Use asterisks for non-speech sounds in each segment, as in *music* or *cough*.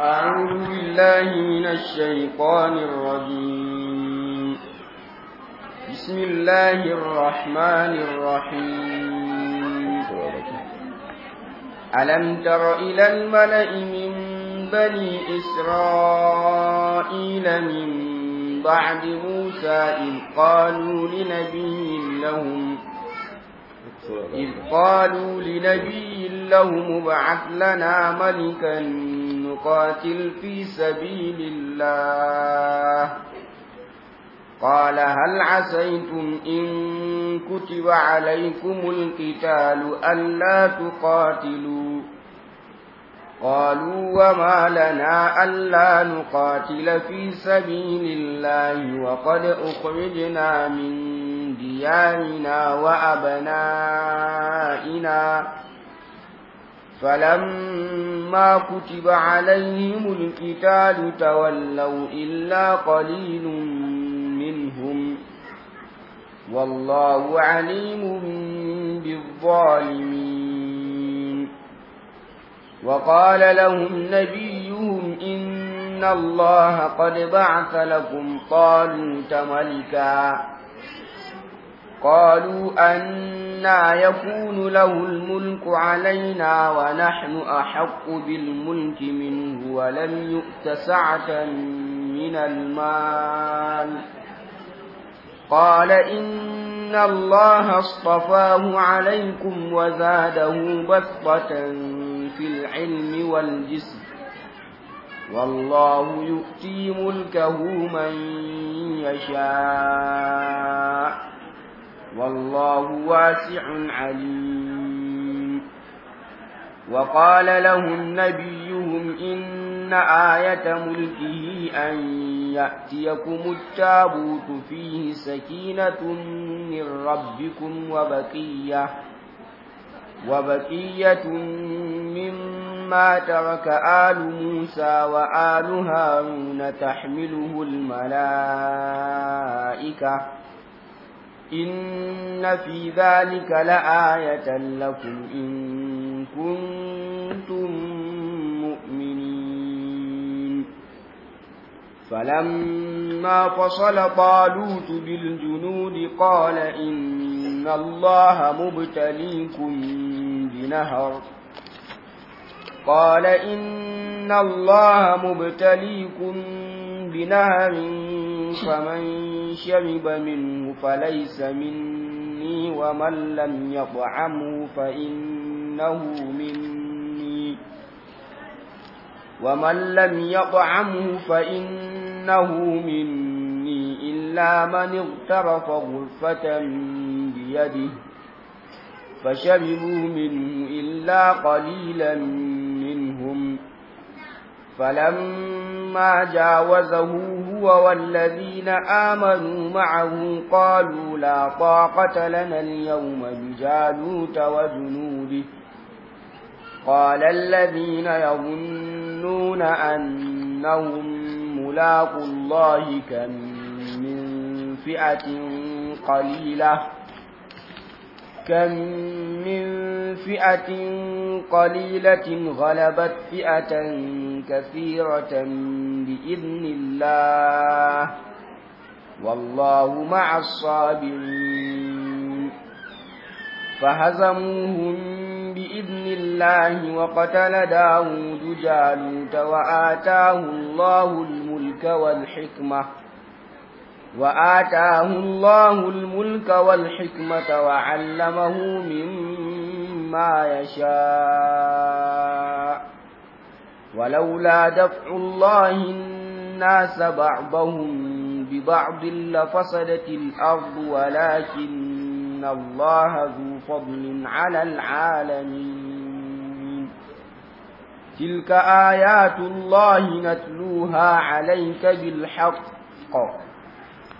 أعوذ بالله من الشيطان الرجيم بسم الله الرحمن الرحيم ألم تر إلى الملأ من بني إسرائيل من بعد موسى إذ قالوا لنبي لهم إذ قالوا لنبي لهم ابعث لنا ملكا يقاتل في سبيل الله قال هل عسيتم إن كتب عليكم القتال ألا تقاتلوا قالوا وما لنا ألا نقاتل في سبيل الله وقد أخرجنا من ديارنا وأبنائنا فلما لما كتب عليهم القتال تولوا إلا قليل منهم والله عليم بالظالمين وقال لهم نبيهم إن الله قد بعث لكم طالوت ملكا قالوا أنا يكون له الملك علينا ونحن أحق بالملك منه ولم يؤت سعة من المال قال إن الله اصطفاه عليكم وزاده بسطة في العلم والجسم والله يؤتي ملكه من يشاء والله واسع عليم وقال لهم نبيهم إن آية ملكه أن يأتيكم التابوت فيه سكينة من ربكم وبقية وبقية مما ترك آل موسى وآل هارون تحمله الملائكة إن في ذلك لآية لكم إن كنتم مؤمنين فلما فصل طالوت بالجنود قال إن الله مبتليكم بنهر قال إن الله مبتليكم بنهر فمن شرب منه فليس مني ومن لم يطعمه فإنه مني ومن لم يطعمه فإنه مني إلا من اغترف غرفة بيده فشربوا منه إلا قليلا فلما جاوزه هو والذين آمنوا معه قالوا لا طاقة لنا اليوم بجالوت وجنوده قال الذين يظنون أنهم ملاق الله كم من فئة قليلة كم من فئة قليلة غلبت فئة كثيرة بإذن الله والله مع الصابرين فهزموهم بإذن الله وقتل داود جالوت وآتاه الله الملك والحكمة وآتاه الله الملك والحكمة وعلمه مما يشاء ولولا دفع الله الناس بعضهم ببعض لفسدت الأرض ولكن الله ذو فضل على العالمين تلك آيات الله نتلوها عليك بالحق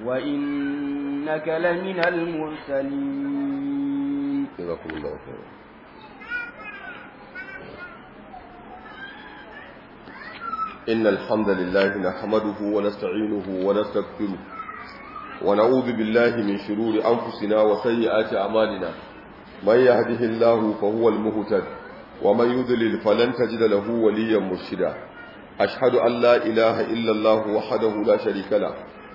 وإنك لمن المرسلين جزاكم الله خيرا إن الحمد لله نحمده ونستعينه ونستغفره ونعوذ بالله من شرور أنفسنا وسيئات أعمالنا من يهده الله فهو المهتد ومن يذلل فلن تجد له وليا مرشدا أشهد أن لا إله إلا الله وحده لا شريك له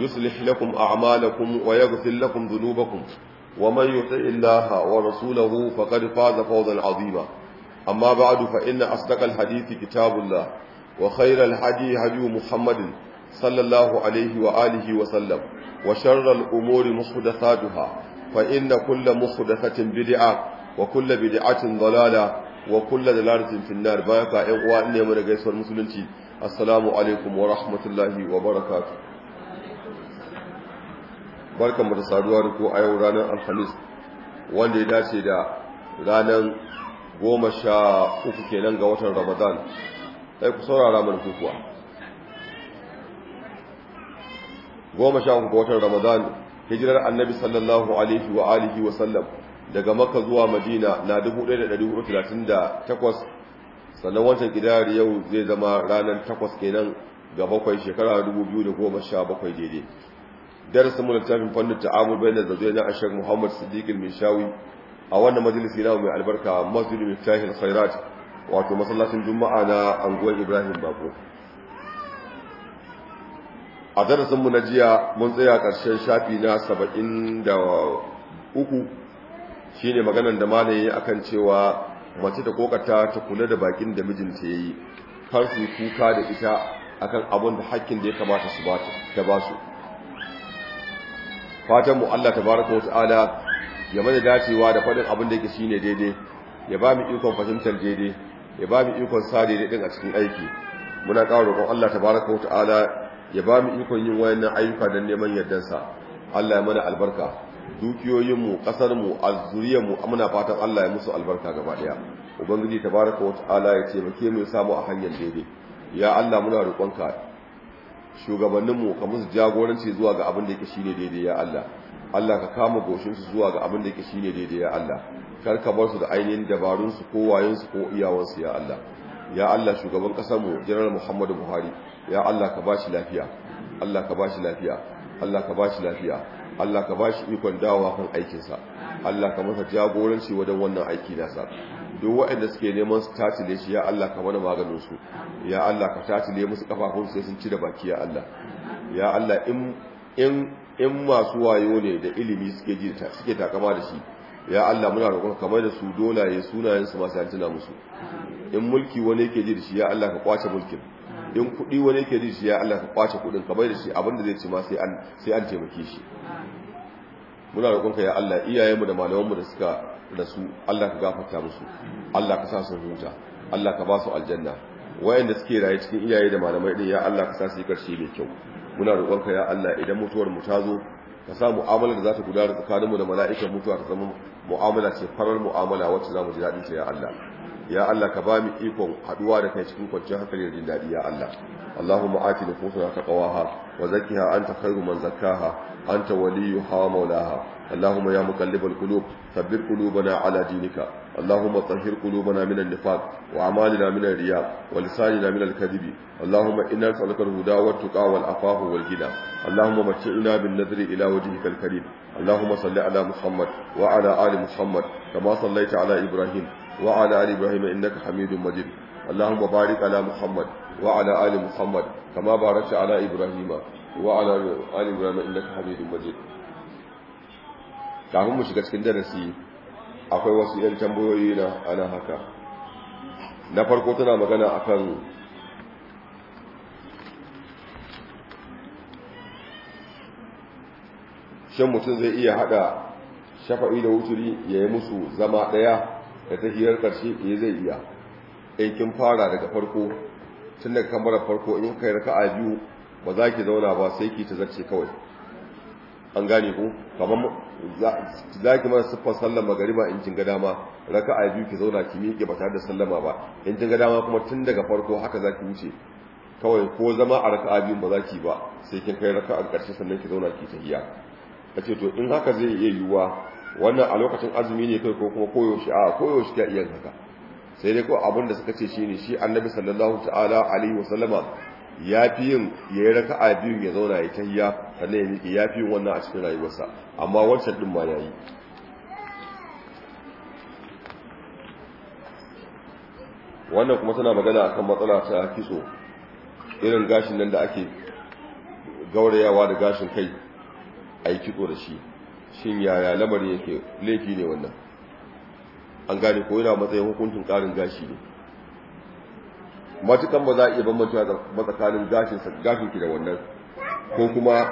يصلح لكم أعمالكم ويغفر لكم ذنوبكم ومن يطع الله ورسوله فقد فاز فوزا عظيما أما بعد فإن أصدق الحديث كتاب الله وخير الهدي هدي محمد صلى الله عليه وآله وسلم وشر الأمور محدثاتها فإن كل محدثة بدعة وكل بدعة ضلالة وكل دلالة في النار بايقا إغواء إني من غير المسلمين السلام عليكم ورحمة الله وبركاته barkan mu da saduwa da ko a yau ranar alhamis wanda ya dace da ranar goma sha uku kenan ga watan ramadan sai ku saurara mana kukuwa goma sha uku ga watan ramadan hijirar annabi sallallahu alaihi wa alihi wa sallam daga makka zuwa madina na 1438 sannan wancan gidar yau zai zama ranar takwas kenan ga bakwai shekara 2017 daidai darasin mu littafin fannin ta'amul bayan da zazzai na ashek muhammad siddiq al-mishawi a wannan majalisi na mai albarka masjid miftahil khairat wato masallacin juma'a na anguwar ibrahim bako a darasin mu na jiya mun tsaya karshen shafi na saba'in da uku shine maganar da malaye akan cewa mace ta kokata ta kula da bakin da mijinta yayi kar su kuka da ita akan abun da hakkin da ya kamata su ta ba su fatan mu Allah tabaraka wataala ya mana dacewa da faɗin abin da yake shine daidai ya ba mu ikon fahimtar daidai ya ba mu ikon sa daidai din a cikin aiki muna ƙara roƙon Allah tabaraka wataala ya ba mu ikon yin wayannan ayyuka don neman yardansa Allah ya mana albarka dukiyoyinmu ƙasarmu mu muna fatan Allah ya musu albarka gaba ɗaya ubangiji tabaraka wataala ya taimake mu ya samu a hanyar daidai ya Allah muna roƙonka shugabanninmu ka musu jagoranci zuwa ga abin da yake shine daidai ya Allah Allah ka kama goshin su zuwa ga abin da yake shine daidai ya Allah kar ka bar su da ainihin dabarun su ko wayen su ko iyawan su ya Allah ya Allah shugaban kasar mu General Muhammadu Buhari ya Allah ka bashi lafiya Allah ka bashi lafiya Allah ka bashi lafiya Allah ka bashi ikon dawowa kan aikinsa Allah ka masa jagoranci wajen wannan aiki nasa duk waɗanda suke neman su tatile shi ya Allah ka mana maganin su ya Allah ka tatile musu kafafun sai sun ci da baki ya Allah ya Allah in in in masu wayo ne da ilimi suke ji suke takama da shi ya Allah muna roƙon kamar da su dola ya sunayen su masu tuna musu in mulki wani yake ji da shi ya Allah ka kwace mulkin in kuɗi wani yake ji da shi ya Allah ka kwace kuɗin kamar da shi abinda zai ci ma sai an sai an taimake shi muna roƙonka ya Allah mu da mu da suka rasu Allah ka gafarta musu Allah ka sa su huta Allah ka ba su aljanna wayanda suke raye cikin iyaye da malamai din ya Allah ka sa su yi karshe mai kyau muna roƙonka ya Allah idan mutuwar mu ta zo ka sa mu'amalar da za ta gudana tsakaninmu da mala'ikan mutuwa ta zama mu'amala ce farar mu'amala wacce za mu ji daɗin ta ya Allah ya Allah ka ba mu ikon haɗuwa da kai cikin kwanciyar hankali da jin dadi ya Allah Allahumma ati li fusuna taqwaha wa zakkiha anta khairu man zakkaha anta waliyuha wa maulaha. Allahumma ya muqallibal qulub sabbir qulubana ala dinika Allahumma tahhir qulubana minan nifaq wa amalina minar riya wa lisanina minal kadhibi Allahumma inna nas'aluka al-huda wa taqwa wal afafa wal ghina Allahumma mat'ina bin nadri ila wajhikal karim Allahumma salli ala Muhammad wa ala ali Muhammad kama sallaita ala Ibrahim وعلى آل إبراهيم إنك حميد مجيد اللهم بارك على محمد وعلى آل محمد كما باركت على إبراهيم وعلى آل إبراهيم إنك حميد مجيد kafin mu shiga cikin darasi akwai wasu 'yan tambayoyi na ana haka na farko tana magana akan shan mutum zai iya hada shafa'i da wuturi ya yi musu zama daya da ta hiyar ƙarshe ya zai iya aikin kin fara daga farko tun daga kamar farko in kai a biyu ba za ki zauna ba sai ki ta zarce kawai an gane ku kamar za ki mara siffar sallar magariba in kin ga dama a biyu ki zauna ki miƙe ba tare da sallama ba in kin ga dama kuma tun daga farko haka za ki wuce kawai ko zama a raka a biyu ba za ki ba sai kin kai raka a ƙarshe sannan ki zauna ki a ce to in haka zai iya yiwuwa wannan a lokacin azumi ne kai ko kuma koyaushe a koyaushe ta iya haka sai dai ko abin da suka ce shi ne shi annabi sallallahu ta'ala alaihi sallama ya fi yin yayi yi raka a biyu ya zauna ya tayya sannan ya miƙe ya fi yin wannan a cikin rayuwarsa amma wancan ɗin ma yayi wannan kuma tana magana akan matsala ta kitso irin gashin nan da ake gaurayawa da gashin kai a yi kitso da shi shin yaya lamarin yake laifi ne wannan an gane ko yana matsayin hukuncin karin gashi ne matukan ba za a iya bambanta matsakanin gashin gashin ki da wannan ko kuma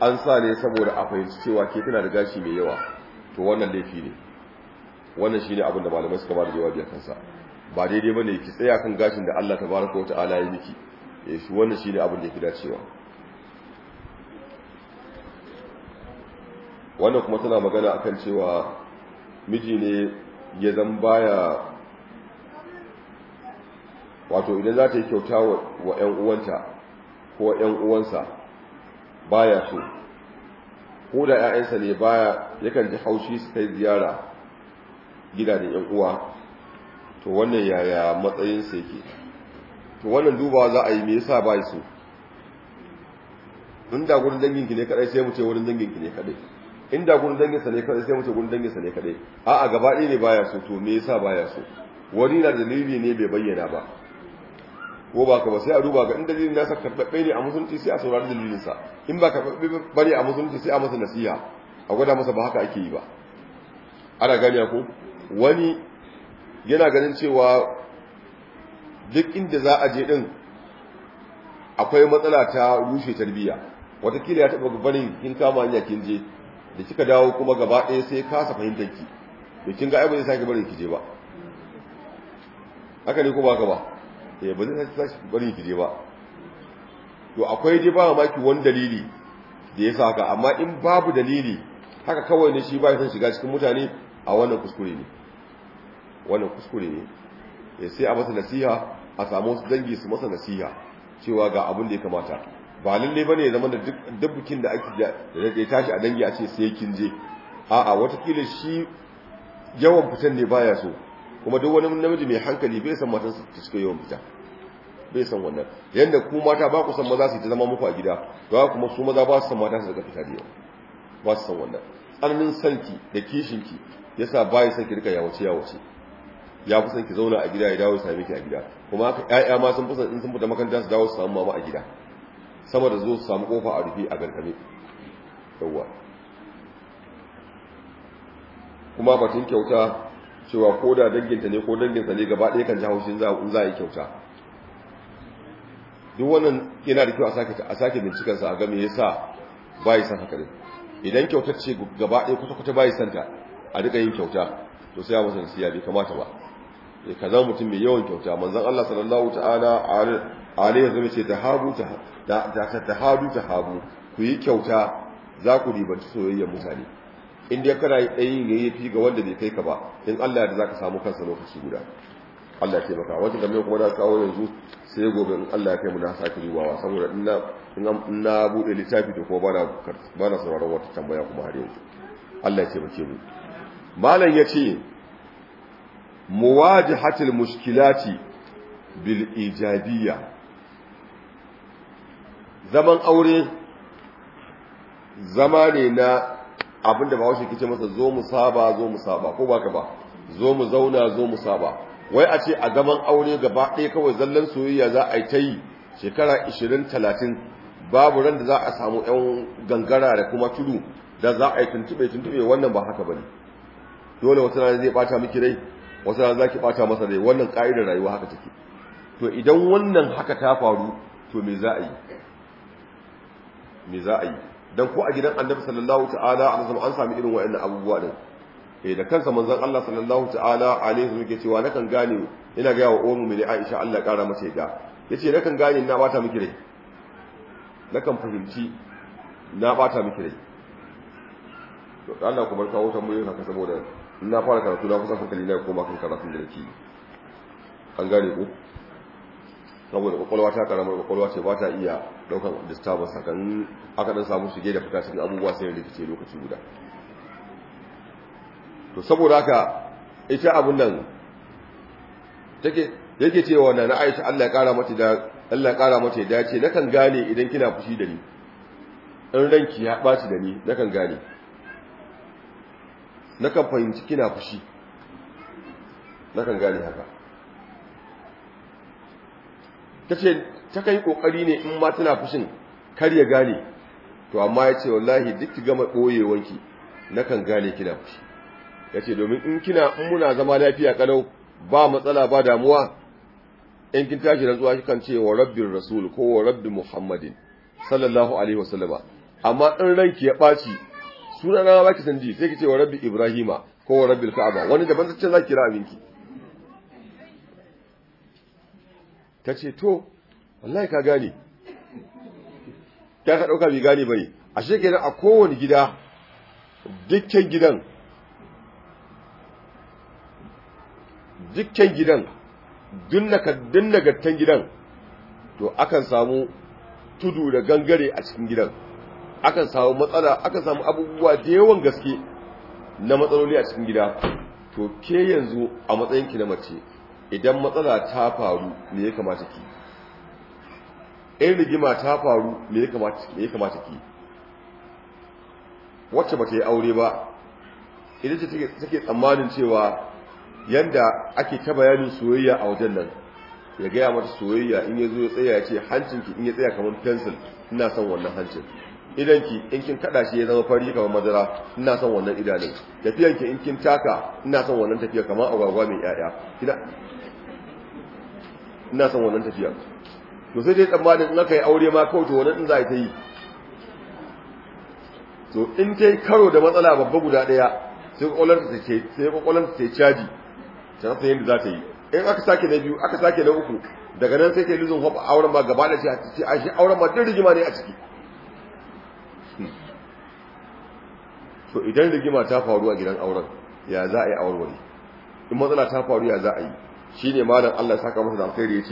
an sa ne saboda a fahimci cewa ke tana da gashi mai yawa to wannan laifi ne wannan shine abin da malamai suka ba da jawabi akan sa ba daidai bane ki tsaya kan gashin da Allah tabaraka wa ta'ala ya miki eh shi wannan shine abin da yake dacewa wannan kuma tana magana akan cewa miji ne ya zan baya wato idan za ta yi kyauta wa 'yan uwanta ko 'yan uwansa baya so ko da 'ya'yansa ne baya yakan ji haushi su kai ziyara gidajen 'yan uwa to wannan yaya matsayinsa yake to wannan dubawa za a yi me yasa bai so inda da wurin danginki ne kadai sai mu ce wurin danginki ne kadai inda gurin sa ne kadai sai mu kun dange sa ne kadai a'a gaba ɗaya ne baya so to me yasa baya so wani na dalili ne bai bayyana ba ko ba ka ba sai a duba ga in dalilin nasa karɓaɓɓe ne a musulunci sai a saurari dalilinsa in ba karɓaɓɓe ba ne a musulunci sai a masa nasiha a gwada masa ba haka ake yi ba ana gani ko wani yana ganin cewa duk inda za a je din akwai matsala ta rushe tarbiyya Wataƙila ya taɓa gabanin kin kama hanya kin je da kika dawo kuma gaba ɗaya sai kasa fahimtar ki Da kin ga ai ba zai sake barin ki je ba haka ne ko ba ka ba eh ba zai ki barin ki je ba to akwai dai ba maki wani dalili da ya haka amma in babu dalili haka kawai ne shi ba ya shiga cikin mutane a wannan kuskure ne wannan kuskure ne eh, sai a masa nasiha a samu su dangi su masa nasiha cewa ga abin da ya kamata ba lalle bane ya zama da duk bukin da ake da ya tashi a dangi a ce sai kin je a'a watakila shi yawan fitan ne baya so kuma duk wani namiji mai hankali bai san matarsa ta cika yawan fita bai san wannan yanda ku mata ba ku san maza su ta zama muku a gida ba kuma su maza ba su san mata su daga fita da yawa ba su san wannan tsananin sanki da kishinki yasa ba ya san ki rika yawace yawace ya fi san ki zauna a gida ya dawo ya same ki a gida kuma haka ƴaƴa ma sun fi san in sun fita makaranta su dawo su samu mama a gida sama da zo su samu kofa a rufe a gargame yawwa kuma batun kyauta cewa ko da danginta ne ko danginta ne gaba ɗaya kan ji haushin za a yi kyauta duk wannan yana da kyau a sake bincikansa a game ya sa bayi san haka ne idan kyautar ce gaba ɗaya kwata-kwata bayi santa a duka yin kyauta to sai ya masa nasiya bai kamata ba eh, kaza mutum mai yawan kyauta manzan Allah sallallahu ta'ala alai ya zama ce ta habu ta hadu ta habu ku yi kyauta za ku ribanci soyayyar mutane in ya kana yin yayyafi ga wanda bai kai ka ba in Allah da za ka samu kansa lokaci guda Allah ya maka wata game kuma na kawo yanzu sai gobe in Allah ya kai mu na sake riwawa saboda ina na bude littafi da kuma ba na sauraron wata tambaya kuma har yanzu Allah ya taimake mu malam muwaji hatil muskilati bil ijabiyya zaman aure zama ne na abinda ba washe kice masa zo mu saba zo mu saba ko baka ba zo mu zauna zo mu saba wai a ce a zaman aure gaba ɗaya kawai zallan soyayya za a yi ta yi shekara 20-30 babu ran da za a samu 'yan gangara da kuma tudu da za a yi tuntube-tuntube wannan ba haka ba ne dole wata rana zai ɓata miki rai wata rana za ki ɓata masa rai wannan ƙa'idar rayuwa haka take to idan wannan haka ta faru to me za a yi me za a yi dan ko a gidan annabi sallallahu ta'ala a zama an sami irin wa'annan abubuwa din eh da kansa manzon Allah sallallahu ta'ala alaihi wasallam yake cewa nakan gane ina ga wa ummu mai Aisha Allah kara mace da yace nakan gane na bata miki rai nakan fahimci na bata miki rai to Allah ku barka wutan mu haka saboda ina fara karatu na kusa hankali na koma kan karatu da nake an gane ku saboda kwakwalwa ta karamar kwakwalwa ce ba ta iya daukan disturbance hakan aka dan samu shige da fita cikin abubuwa sai rikice lokaci guda to saboda haka ita abun nan take yake cewa na Aisha Allah ya kara mata da Allah ya kara mata da yace nakan gane idan kina fushi da ni in ranki ya baci da ni nakan gane nakan fahimci kina fushi nakan gane haka ta ce ta kai kokari ne in ma tana fushin kar ya gane to amma ya ce wallahi duk ki gama ɓoyewanki na kan gane kina fushi ya ce domin in kina in muna zama lafiya kalau ba matsala ba damuwa in kin tashi rantsuwa kikan ce wa rabbin rasul ko wa rabbi muhammadin sallallahu alaihi wasallama amma in ranki ya ɓaci sunana ba ki san sai ki ce wa rabbi ibrahima ko wa rabbil ka'aba wani daban zai ce za ki kira abinki ta ce to wallahi ka gane ta ka ɗauka bai gane bane a shekenan a kowane gida dukkan gidan dukkan gidan dun gattan gidan to akan samu tudu da gangare a cikin gidan akan samu matsala akan samu abubuwa da yawan gaske na matsaloli a cikin gida to ke yanzu a matsayinki na mace idan matsala ta faru me ya kamata ki in rigima ta faru me ya kamata ki wacce ba ta yi aure ba idan ce take tsammanin cewa yanda ake ta bayanin soyayya a wajen nan ya gaya mata soyayya in ya zo ya tsaya ya ce hancinki in ya tsaya kamar pencil ina son wannan hancin idan ki in kin kada shi ya zama fari kamar madara ina son wannan idanun tafiyan ki in kin taka ina son wannan tafiya kamar agwagwa mai yaya kina ina son wannan tafiya to sai dai tsammanin in aka yi aure ma kawai to wannan din za a ta yi to in kai karo da matsala babba guda daya sai kwakwalwarta ta ce sai kwakwalwarta ta caji ta rasa yadda za ta yi in aka sake na biyu aka sake na uku daga nan sai kai luzun hoba auren ma gaba da shi, a shi auren ma duk rigima ne a ciki So idan rigima ta faru a gidan auren ya za a yi aurewari in matsala ta faru ya za a yi Shi ne malam Allah ya saka masa da alkhairi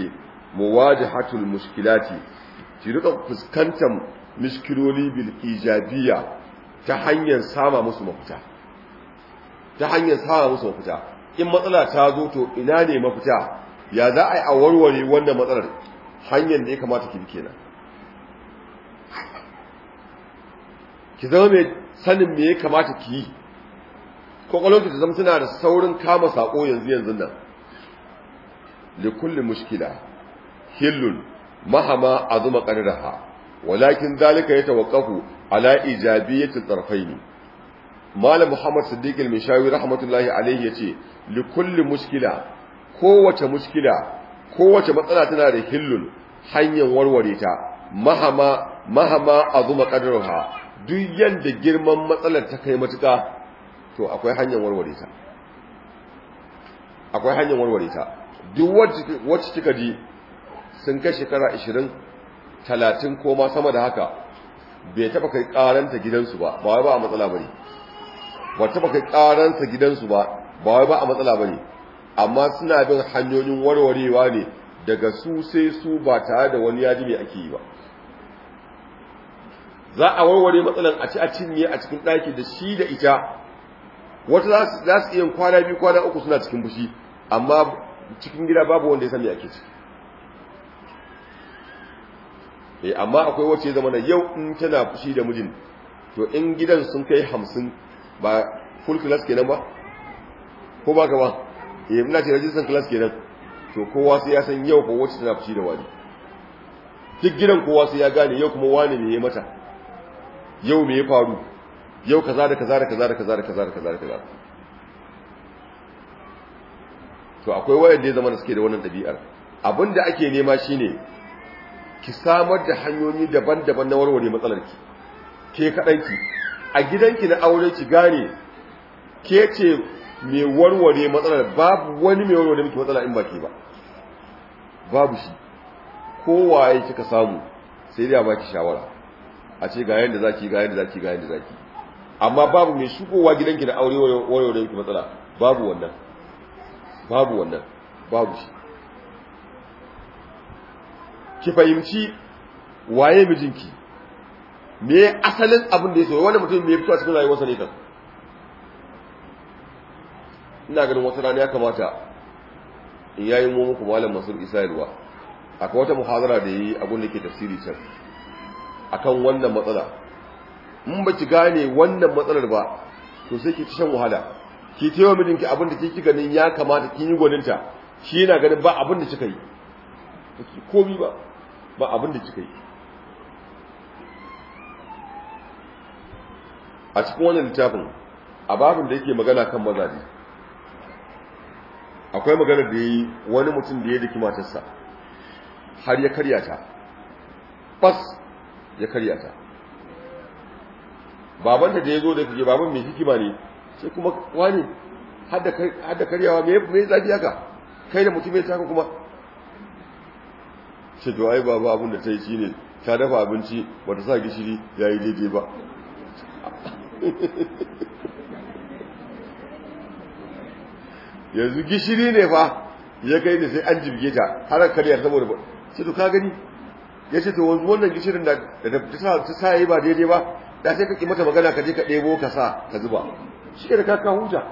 waje hatul muskilati ci duka fuskantar muskiloli bil ijabiya ta hanyar sama musu mafita ta hanyar sama musu mafita in matsala ta zo to ina ne mafita ya za a yi a warware matsalar hanyar da ya kamata ki kenan ki zama mai sanin me ya kamata ki yi kwakwalonki ta zama suna da saurin kama sako yanzu yanzu nan likulli mushkila hillun mahama azuma ha. walakin zalika ya ala tsarfai tarfaini malam muhammad siddiq al-mishawi rahmatullahi alayhi yace likulli mushkila kowace mushkila kowace matsala tana da hillun hanyar warware ta mahama mahama azuma qarraha duk yadda girman matsalar ta kai matuka to akwai hanyar warware ta akwai hanyar warware ta duk wacce kika ji sun kai shekara 20 30 ko ma sama da haka bai taba kai karanta gidansu ba ba wai ba a matsala bane ba taba kai karanta gidansu ba ba wai ba a matsala bane amma suna bin hanyoyin warwarewa ne daga su sai su ba tare da wani yaji mai ake yi ba za a warware matsalan a ci a cinye a cikin ɗaki da shi da ita wata za su iya kwana biyu kwana uku suna cikin bushi amma cikin gida babu wanda ya sami ake ciki eh amma akwai wacce zama na yau in tana fushi da mijin to in gidan sun kai hamsin ba full class kenan ba ko ba ka ba eh muna ce rajistan class kenan to kowa sai ya san yau ko wacce tana fushi da wani duk gidan kowa sai ya gane yau kuma wani ne ya mata yau me ya faru yau kaza da kaza da kaza da kaza da kaza da kaza da kaza to akwai wayanda ya zama da suke da wannan dabi'ar abinda ake nema shine ki samar da hanyoyi daban-daban na warware matsalarki ke ki a gidanki na aure ki gane ke ce mai warware matsalar babu wani mai warware miki matsala in ba ke ba babu shi ya kika samu sai dai a baki shawara a ce ga yanda zaki ga da zaki ga da zaki amma babu mai shugowa gidanki da aure wayo da yake matsala babu wannan babu wannan babu shi ki fahimci waye mijinki me asalin abin da ya soya wani mutum mai ya fito a cikin rayuwarsa ne kan ina ganin wata rana ya kamata in yayi mu muku malam masu isa yalwa akwai wata muhazara da yi a da yake tafsiri can akan wannan matsala in ba ki gane wannan matsalar ba to sai ki ci shan wahala ki tewa mijin abin da kike ganin ya kamata kin yi gwaninta shi yana ganin ba abin da kika yi kike komi ba ba abin da kika yi a cikin wannan littafin a babin da yake magana kan maza ne akwai magana da yi wani mutum da ya daki matarsa har ya karya ta bas ya karya ta babanta da ya zo da kake baban mai hikima ne sai kuma wani har da karyawa mai zafi haka kai da mutum ya taka kuma ce to ai baba abin da ta yi shine ta dafa abinci ba ta sa gishiri ya yi daidai ba *laughs* yanzu gishiri ne fa ya kai da sai an jibge ta har karyar saboda ba sai to ka gani ya ce to wanzu wannan gishirin da ta sa yi ba daidai ba da sai kake mata magana ka je ka ɗebo ka sa ka zuba shi da ka huja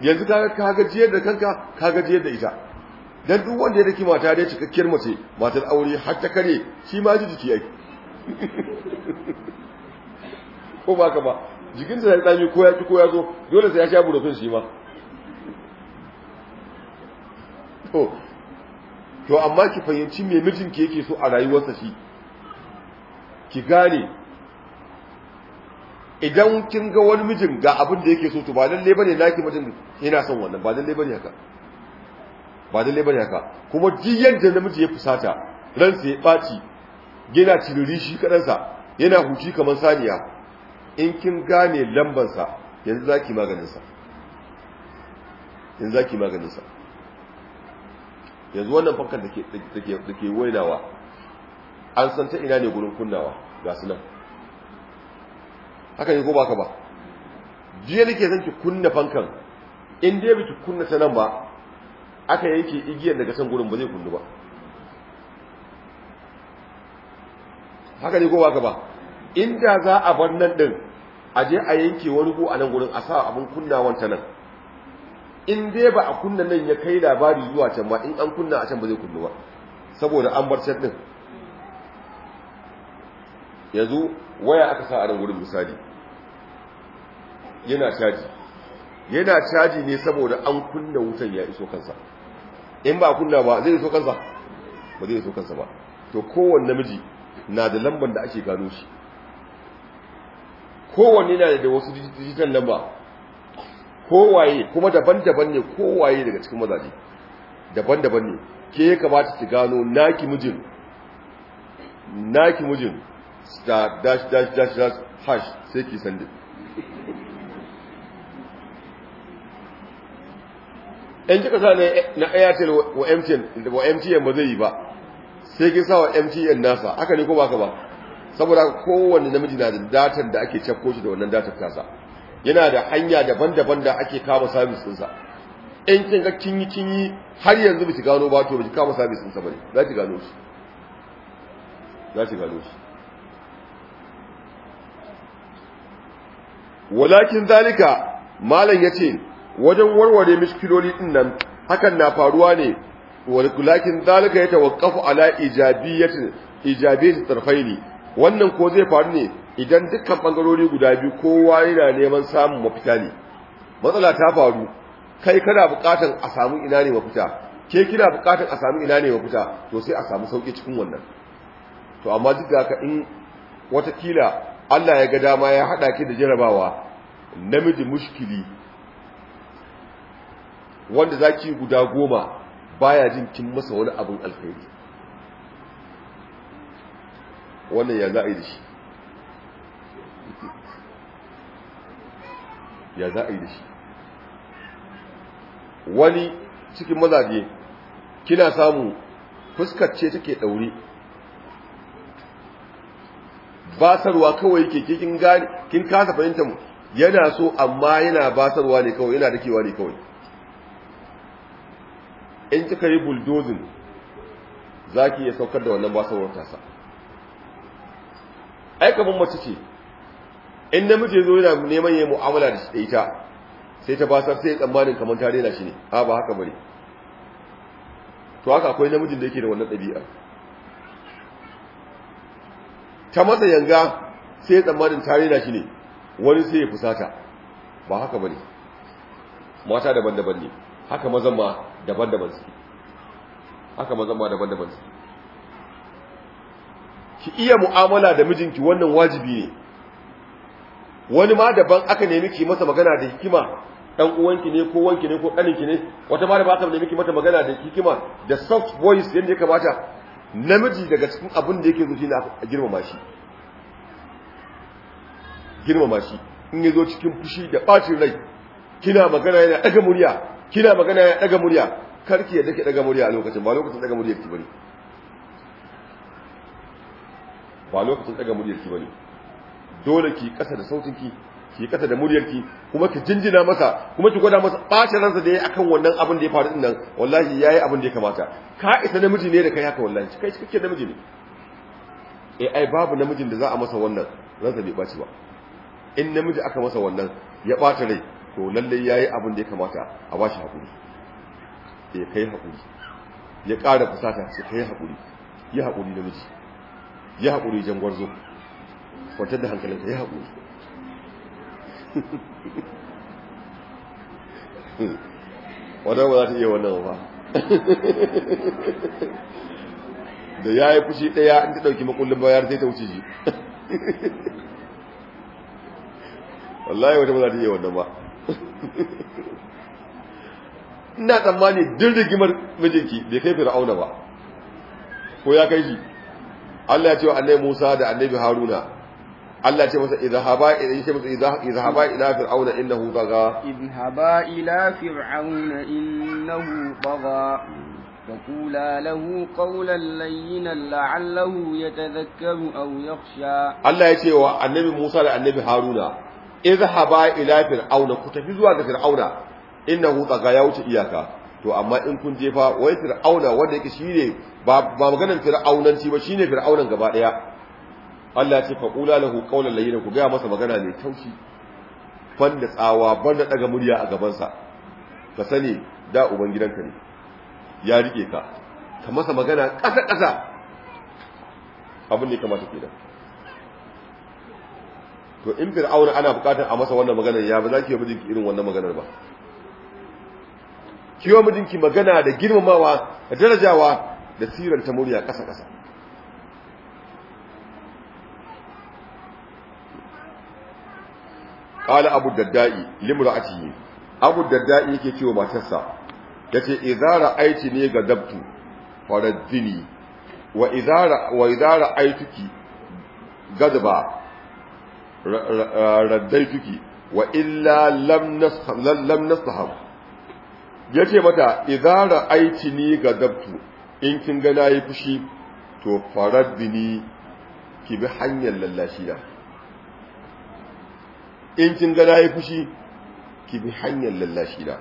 yanzu ka gajiyar da kanka ka gajiyar da ita dan duk wanda ya daki mata da cikakkiyar mace matar aure har ta kare shi ma ji jiki ai *laughs* ko ba ka ba jikin da zai yi ko ya ki ko ya zo dole sai ya sha burofin shi ma to to amma ki fahimci me mijinki yake so a rayuwarsa shi ki gane idan kin ga wani mijin ga abin da yake so to ba lalle bane naki mijin yana son wannan ba lalle bane haka ba lalle bane haka kuma duk yanda namiji ya fusata ransa ya baci yana ciriri shi sa yana huci kamar saniya in kin gane lambansa yanzu zaki maganin sa yanzu zaki maganin sa yanzu wannan fankar da ke wainawa an san ta ina ne gudun kunnawa ga su nan haka ne ko ba ka ba jiya nake zan ki kunna fankan in dai biki kunna ta nan ba aka yanke igiyar daga san gudun ba zai kunnu ba haka ne ko ba ka ba inda za a bar nan din a je a yanke wani ko a nan gudun a sa abin kunnawan ta nan in dai ba a kunna nan ya kai labari zuwa can ba in an kunna a can ba zai kunna ba saboda an bar can din yanzu waya aka sa a nan wurin misali yana caji yana caji ne saboda an kunna wutan ya iso kansa in ba a kunna ba zai iso kansa ba zai iso kansa ba to kowanne namiji na da lambar da ake gano shi kowanne na da wasu digital lamba. kowaye kuma daban-daban ne kowaye daga cikin mazaje daban-daban ne ke ya kamata ki gano naki mijin naki mijin star dash dash dash dash hash sai ki sande Yanci kika sa na airtel wa mtn wa mtn ba zai yi ba sai ki sa wa mtn nasa haka ne ko ba ka ba saboda kowanne namiji na da datan da ake cakko shi da wannan datan tasa yana da hanya daban-daban da ake kama sabis ɗinsa in kin ga kin yi kin yi har yanzu ba ki gano ba to ba ki kama sabis ɗinsa ba ne za ki gano shi za ki gano shi walakin zalika malam ya ce wajen warware miskiloli ɗin nan hakan na faruwa ne walakin zalika ya tawaqqafu ala ijabiyyati ijabiyyati tarfaini wannan ko zai faru ne idan dukkan bangarori guda biyu kowa yana neman samun mafita ne matsala ta faru kai kana bukatan a samu ina ne mafita ke kina bukatan a samu ina ne mafita to sai a samu sauki cikin wannan to amma duk da in watakila Allah ya ga dama ya hada ki da jarabawa namiji mushkili wanda zaki guda goma baya jin kin masa wani abin alheri wannan ya za'i da shi ya za a yi da shi wani cikin mazaje kina samu fuskar ce take ba basarwa kawai yake kin gane kin kasa fahimta mu yana so amma yana basarwa ne kawai yana dakewa ne kawai in kika yi buldozin zaki ya saukar da wannan basarwar tasa ai kaman mace ce in da ya zo yana neman ya mu'amala da shi ita sai ta basar sai tsammanin kamar ta rena shi ne ha ba haka bane to haka akwai namijin da yake da wannan ɗabi'a ta masa yanga sai tsammanin ta rena shi ne wani sai ya fusata ba haka bane mata daban-daban ne haka mazan ma daban-daban su haka mazan ma daban-daban su ki iya mu'amala da mijinki wannan wajibi ne wani ma daban aka nemi ki masa magana da hikima dan uwanki ne ko wanki ne ko daninki ne wata ma da ba aka nemi ki mata magana da hikima da soft voice yadda ya kamata namiji daga cikin abin da yake zuci na girmama shi girmama shi in ya zo cikin fushi da ɓacin rai kina magana yana ɗaga murya kina magana yana ɗaga murya karki yadda ke ɗaga murya a lokacin ba lokacin ɗaga murya ki bane ba lokacin ɗaga murya ki bane dole ki kasa da sautinki ki kasa da muryarki kuma ki jinjina masa kuma ki gwada masa bacin ransa da yayi akan wannan abin da ya faru din nan wallahi yayi abin da ya kamata ka isa namiji ne da kai haka wallahi kai kike namiji ne eh ai babu namijin da za a masa wannan ransa bai baci ba in namiji aka masa wannan ya bata rai to lalle yayi abin da ya kamata a bashi hakuri eh kai hakuri ya ƙara fusata sai kai hakuri ya hakuri namiji ya hakuri jangwarzo kwantar da hankalinka ya haƙuri wadda ba za ta iya wannan ba da ya yi fushi ɗaya in ta ɗauki makullin bayar sai ta wuce ji wallahi wata ba za ta iya wannan ba ina tsammani duk mijinki bai kai fir'auna ba ko ya kai shi Allah ya ce wa annai Musa da annabi Haruna Allah ce masa izhaba idan yace masa izhaba ila fir'auna innahu tagha izhaba ila fir'auna innahu tagha فقولا له قولا لينا لعله يتذكر او يخشى الله yace wa annabi Musa da annabi Haruna izhaba ila fir'auna ku tafi zuwa ga fir'auna innahu tagha ya wuce iyaka to amma in kun je fa wai fir'auna wanda yake shine ba maganar fir'aunanci ba shine fir'aunan gaba daya Allah ya ce qula lahu qawlan layyina ku ga masa magana mai taushi ban da tsawa ban da daga murya a gaban sa ka sani da uban gidanka ne ya rike ka ka masa magana kasa kasa abin ne kamata ke da to in fir'auna ana bukatar a masa wannan maganar ya ba za ki yi mijinki irin wannan maganar ba ki yi mijinki magana da girmamawa da darajawa da ta murya kasa kasa qala abu daddai limra'atihi abu daddai yake cewa matarsa yace idza ra'aiti ne ga dabtu faraddini wa idza wa idza ra'aituki gadba raddaituki wa illa lam nashab lam nashab yace mata idza ra'aiti ni dabtu?' in kin ga nayi fushi to faraddini ki bi hanyar lallashi da in kin ga nayi fushi ki bi hanyar lallashi da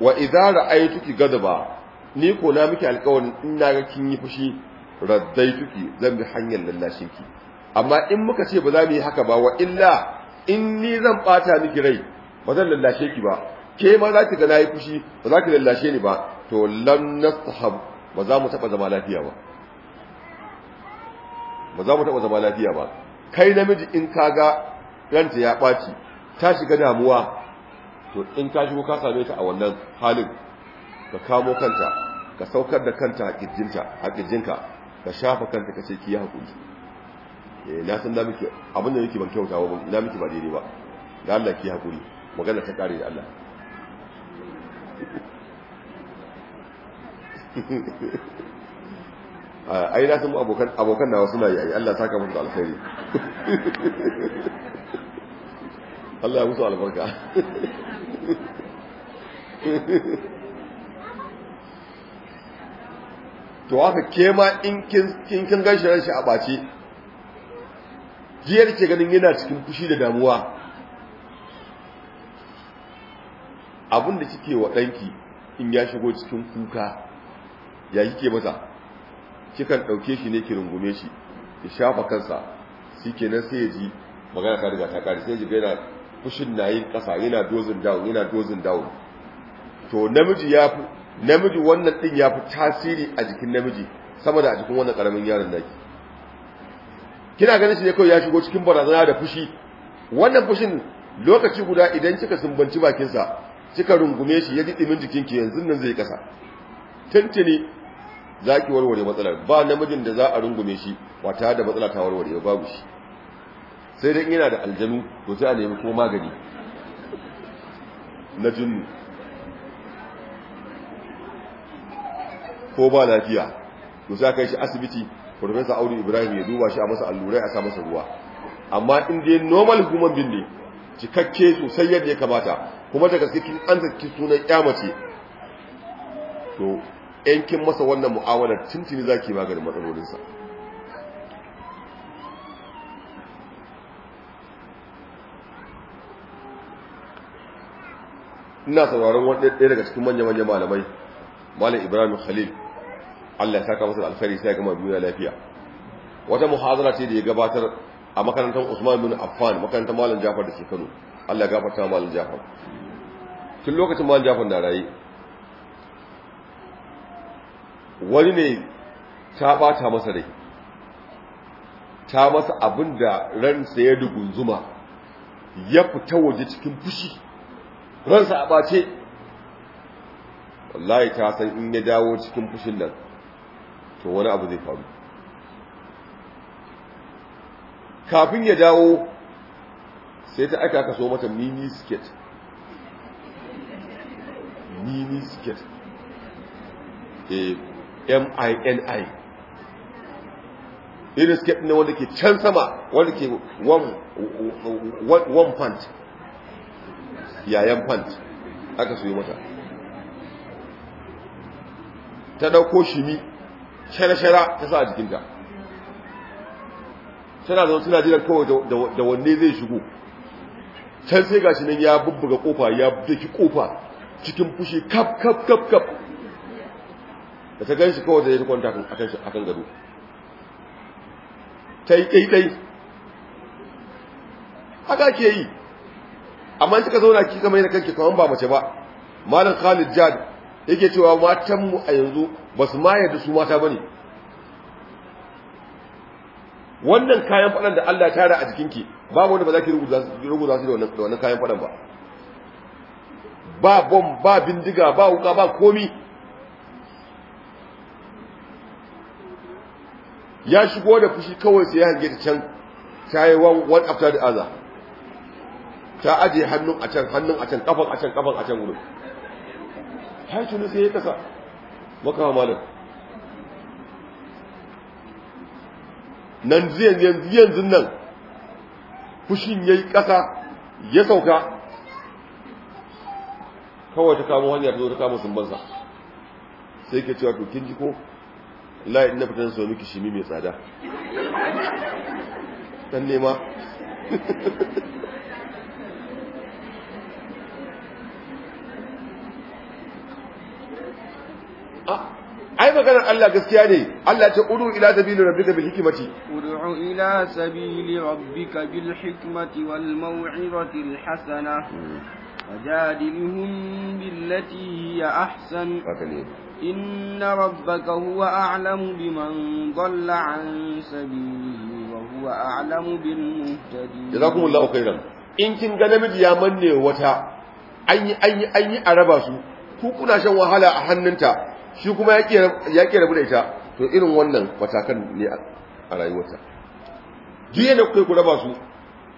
wa idza ra'aytuki gadaba ni ko na miki alƙawarin in na ga kin yi fushi raddaituki zan bi hanyar lallashi ki amma in muka ce ba za mu yi haka ba wa illa in ni zan bata miki rai ba zan lallashe ki ba ke ma za ki ga nayi fushi ba za ki lallashe ni ba to lam nastahab ba za mu taba zama lafiya ba ba za mu taba zama lafiya ba kai namiji in kaga ranta ya ɓaci ta shiga damuwa to in ka shigo ka same ta a wannan halin ka kamo kanta ka saukar da kanta a ƙirjinta a ƙirjinka ka shafa kanta ka ce ki yi haƙuri eh, na san da muke abin da ban kyauta ba na muke ba daidai ba da Allah ki haƙuri magana ta ƙare da Allah *laughs* Ah, ai na san abokan abokan nawa suna yi Allah saka musu da alkhairi *laughs* Allah ya musu albarka *laughs* to haka ke ma in kin gashi ran shi a bace jiyar ke ganin yana cikin fushi da damuwa abinda kike wa ɗanki in ya shigo cikin kuka ya kike masa kikan ɗauke shi ne ki rungume shi ya shafa kansa shi nan sai ya ji magana ta riga ta ƙari sai ya ji yana fushin na yin ƙasa yana dozin down yana dozin down to namiji ya fi namiji wannan ɗin ya fi tasiri a jikin namiji sama da a jikin wannan ƙaramin yaron naki kina ganin shi ne kawai ya shigo cikin barazana da fushi wannan fushin lokaci guda idan kika sumbanci bakinsa kika rungume shi ya ji ɗimin jikinki yanzu nan zai ƙasa Tuntuni. za ki warware matsalar ba namijin da za a rungume shi ba da matsala ta warware ba babu shi sai dai yana da aljanu to sai a nemi ko magani na jinnu ko ba lafiya to sai kai shi asibiti professor Audu Ibrahim ya duba shi a masa allurai a sa masa ruwa amma in dai normal human being ne cikakke sosai yadda ya kamata kuma daga cikin an zaki sunan kyamace to yankin masa wannan mu'amalar tuntuni ki maganin matsalolinsa ina sauraron wani ɗaya daga cikin manya-manya malamai malam ibrahim khalil allah ya saka masa alkhairi sai gama duniya lafiya wata muhazara ce da ya gabatar a makarantar usman bin affan makarantar malam jafar da ke kano allah ya gafarta malam jafar tun lokacin malam jafar na raye wani ne ta bata masa rai ta masa abin da ransa ya dugunzuma ya fita waje cikin fushi ransa a ɓace wallahi ta san in ya dawo cikin fushin nan to wani abu zai faru kafin ya dawo sai ta aka kaso mata mini skirt. mini skit eh mini iriscape ne wanda ke can sama wanda ke one pant yayan pant aka suyo mata ta dauko mi shara-shara ta sa a jikinta tana zaune suna jiran kawai da wanne zai shigo can sai gashi nan ya bubbuga kofa ya daki kofa cikin fushi kap kaf kaf kaf da ta gan shi kawai da ya kwanta a kan gado ta yi ɗaiɗai haka ke yi amma suka zauna ki kama na kanki kamar ba mace ba malam khalid jad yake cewa matanmu a yanzu ba su ma yadda su mata ba ne wannan kayan faɗan da allah tara a jikinki babu wanda ba za ki za su da wannan kayan faɗan ba ba bom ba bindiga ba wuka ba komi ya shigo da fushi kawai sai ya hange ta can ta yi one after the other ta ajiye hannun a can hannun a can kafan a can kafan a can wurin har tuni sai ya kasa makawa malam nan yanzu yanzu nan fushin ya yi kasa ya sauka kawai ta kamo hanyar ta zo ta kama sumbansa sai ke cewa to kin ji ko wallahi ina fitar so miki shi mai tsada dan nema ai maganar Allah gaskiya ne Allah ta udu ila sabili rabbika bil hikmati udu ila sabili rabbika bil hikmati wal maw'izati al hasana wajadilhum billati hiya ahsan إن ربك هو أعلم بمن ضل عن سبيله وهو أعلم بالمهتدين جزاكم الله خيرا in kin ga namiji ya manne wata an yi an yi a raba su ku kuna shan wahala a hannunta shi kuma ya ke rabu da ita to irin wannan matakan ne a rayuwarta jiya da kuka ku raba su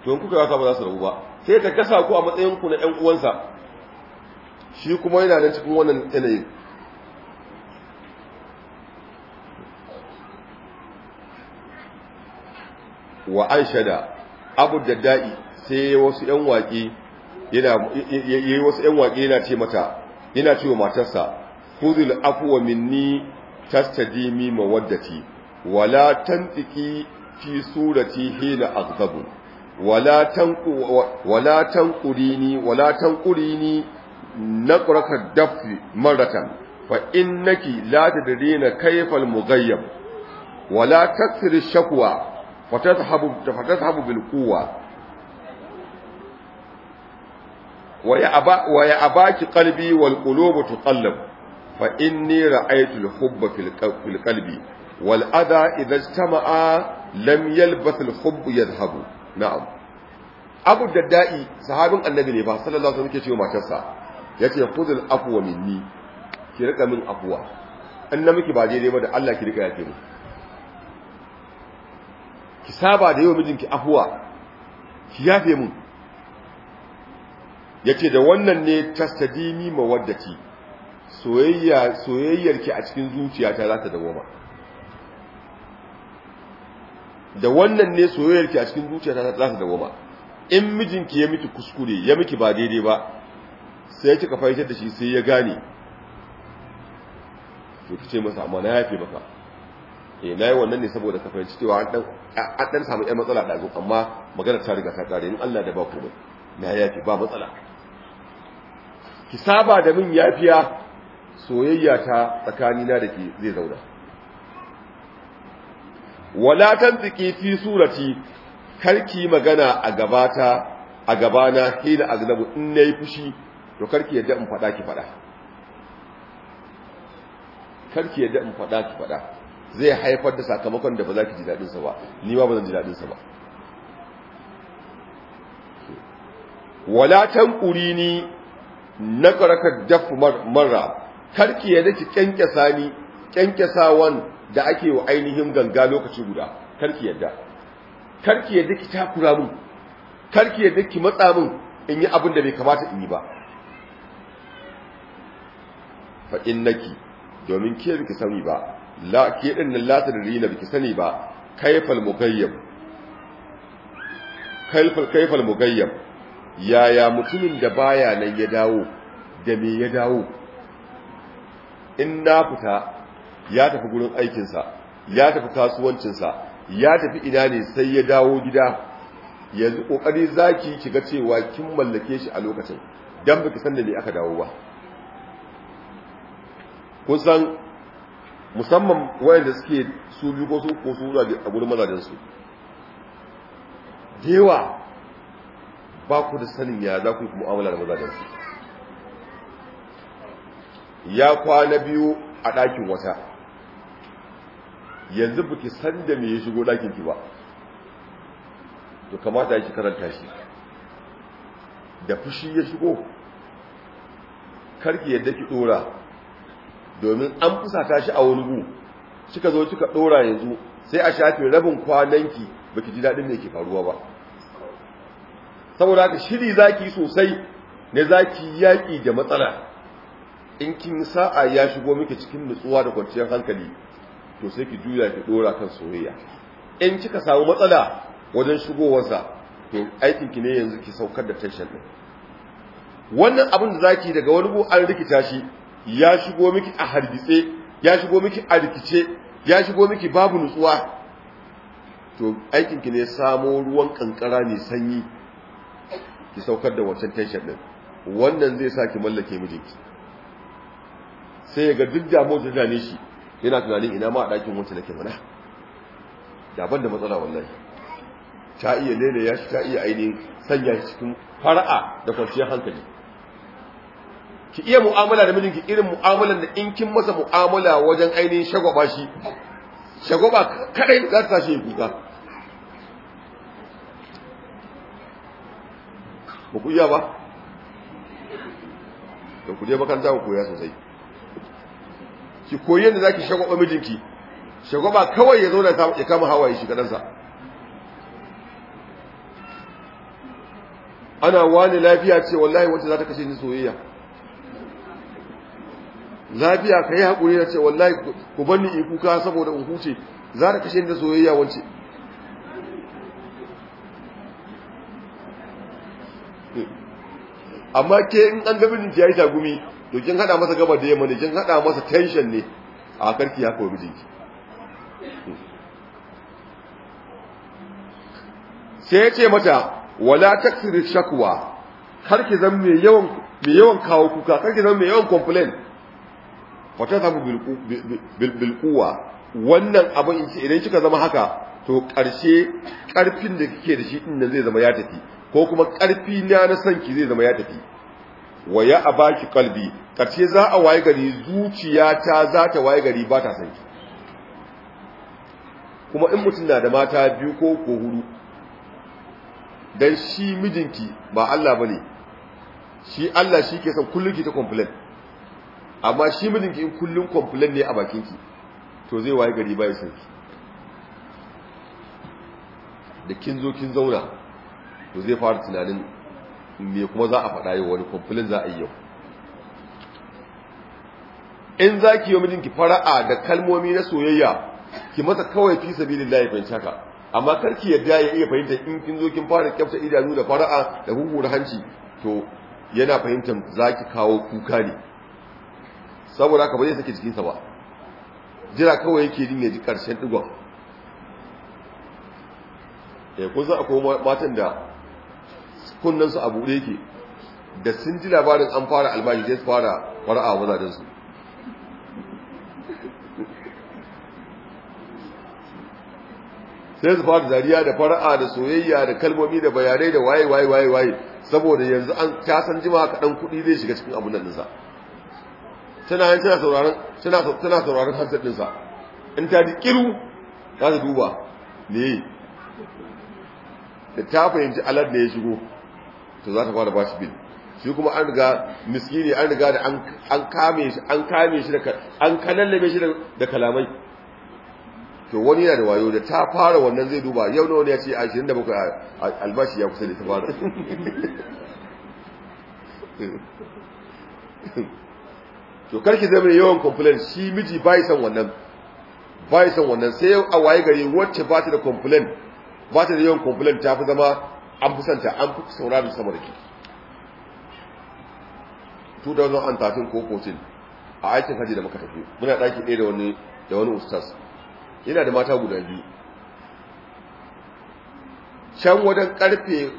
to kuka rasa ba za su rabu ba sai ka kasa ku a matsayin ku na ƴan uwansa shi kuma yana nan cikin wannan yanayin wa anshada abu da'i sai wasu yan waƙi yana yayi wasu yan waƙi yana ce mata yana ce wa matarsa khudhil afwa minni tastadimi mawaddati wala tantiki fi surati hina aghdabu wala tanqu wala tanqurini wala tanqurini naqraka dafi maratan fa innaki la tadrina kayfa al-mughayyab wala takthir ash-shakwa fatazhabu fatazhabu bil quwwa wa ya aba wa ya abaki qalbi wal qulubu tuqallab fa inni ra'aytu al hubba fil qalbi wal adha idha ijtama'a lam yalbas al hubb yadhhabu na'am abu dadda'i sahabin annabi ne fa sallallahu alaihi wasallam cewa matarsa yace khudh al afwa minni ki rika min afwa annabi ki ba daidai ba da Allah ki rika yake mu ki saba da yau mijinki afuwa, ki yafe mun yace da wannan ne tastadimi mawaddati soyayya soyayyarki a cikin zuciyata za ta dawoma da wannan ne soyayyarki a cikin zuciyata za ta dawoma in mijinki ya miki kuskure ya miki ba daidai ba sai kika fahimtar da shi sai ya gane to ce masa amma na yafe maka eh nayi wannan ne saboda ka fahimci cewa an dan an dan samu ɗan matsala da amma magana ta riga ta kare in Allah da ba mai, na yafi ba matsala ki saba da min yafiya soyayya ta tsakanina da ke zai zauna wala tsike fi surati karki magana a gabata a gabana Hina azlabu in nayi fushi to karki yadda in fada ki fada karki yadda in fada ki fada zai haifar da sakamakon da ba za ki ji daɗinsa ba ni ba ba zan ji daɗinsa ba wala ƙuri ni na ƙarƙar daf marra karki ya dace kyankyasa ni kyankyasawan da ake wa ainihin ganga lokaci guda karki yadda karki yadda ki takura mun karki yadda ki matsa mun in yi abin da bai kamata in yi ba fa'in naki, domin ke biki sami ba la ke din nan la biki sani ba kaifal mugayyab kaifal kaifal mugayyab yaya mutumin da baya nan ya dawo da me ya dawo in na fita ya tafi gurin aikinsa ya tafi kasuwancinsa ya tafi ina ne sai ya dawo gida yanzu kokari zaki kiga cewa kin mallake shi a lokacin dan biki sani da me aka dawo ba kusan musamman wayanda suke su biyu ko su ko su a gurin mazajen su dewa ba ku da sanin ya za ku yi mu'amala da mazajen su ya kwana biyu a ɗakin wata yanzu buki san da me ya shigo ɗakin ki ba to kamata ya ki karanta shi da fushi ya shigo karki yadda ki dora domin an fusata shi a wani gu kika zo kika ɗora yanzu sai a shafi rabin kwananki baki ji dadin da ke faruwa ba saboda ka shiri zaki sosai ne zaki yaƙi da matsala in kin sa'a ya shigo miki cikin nutsuwa da kwanciyar hankali to sai ki juya ki dora kan soyayya in kika samu matsala wajen shigowarsa to aikin ki ne yanzu ki saukar da tension din wannan abin da zaki daga wani gu an rikita shi ya shigo miki a hargitse ya shigo miki a rikice ya shigo miki babu nutsuwa to aikinki ne samo ruwan kankara ne sanyi ki saukar da wancan tension din wannan zai sa ki mallake mijinki sai ga duk damuwar da dane shi yana tunanin ina ma a ɗakin wancan nake mana daban da matsala wallahi ta iya lele ya shi ta iya ainihin sanya shi cikin fara'a da kwanciyar hankali ki iya mu'amala da mijinki irin mu'amalan da in kin masa mu'amala wajen ainihin shagwaba shi shagwaba kadai za ta tashi kuka ba ku iya ba da ku je makaranta ku koya sosai ki koyi yadda zaki shagwaba mijinki shagwaba kawai ya zo da ya kama hawaye shi kadansa ana wani lafiya ce wallahi wacce za ta kashe ni soyayya zafiya ka yi haƙuri na ce wallahi ku banni in kuka saboda in huce za ta kashe da soyayya wance amma ke in an ga mijinki ya yi tagumi to kin haɗa masa gaba da yamma ne kin haɗa masa tension ne a karki ya kawo mijinki sai ya ce mata wala taksiri shakwa har ki zan mai yawan kawo kuka kar ki zan mai yawan complain wata bilkuwa wannan abin in ce idan kika zama haka to ƙarshe ƙarfin da kike da shi inda zai zama ya tafi ko kuma ƙarfi na na ki zai zama ya tafi wa ya a baki kalbi ƙarshe za a waye gari zuciyata za ta waye gari ba ta sanki? kuma in mutum na da mata biyu ko ko hudu dan shi mijinki ba Allah bane shi Allah shi ke san kullum ki ta complain amma shi mijinki in kullum complain ne a bakinki to zai waye gari bai san ki da kin zo kin zauna to zai fara tunanin me kuma za a faɗa yau wani complain za a yi yau in za ki yi mijinki fara'a da kalmomi na soyayya ki masa kawai fi sabilillahi fahimci haka amma karki yadda ya iya fahimta in kin zo kin fara kyafta idanu da fara'a da huhu da hanci to yana fahimtar ki kawo kuka ne saboda haka ba zai sake jikinsa ba jira kawai yake din ya ji karshen digon eh kun a akwai matan da kunnansu a buɗe yake da sun ji labarin an fara albashi sai su fara fara'a mazajen su sai su fara zariya da fara'a da soyayya da kalmomi da bayanai da waye waye waye saboda yanzu an kasan jima kaɗan kuɗi zai shiga cikin abun nan nisa tana yin tana sauraron tana sauraron hasad sa in ta ji kiru za ta duba ne da ta fahimci alar da ya shigo to za ta fara shi bil shi kuma an riga miskini an riga da an kame shi an kame shi da an kalallabe shi da kalamai to wani yana da wayo da ta fara wannan zai duba yau na wani ya ce 27 albashi ya kusa da ta fara *laughs* to karki zai mai yawan complain shi miji bai san wannan bai san wannan sai a waye gari wacce ba ta da complain ba ta da yawan complain ta fi zama an fi santa an fi sauraron sama da ke 2013 ko 14 a aikin haji da muka tafi muna ɗaki ɗaya da wani da wani ustaz yana da mata guda biyu can wajen karfe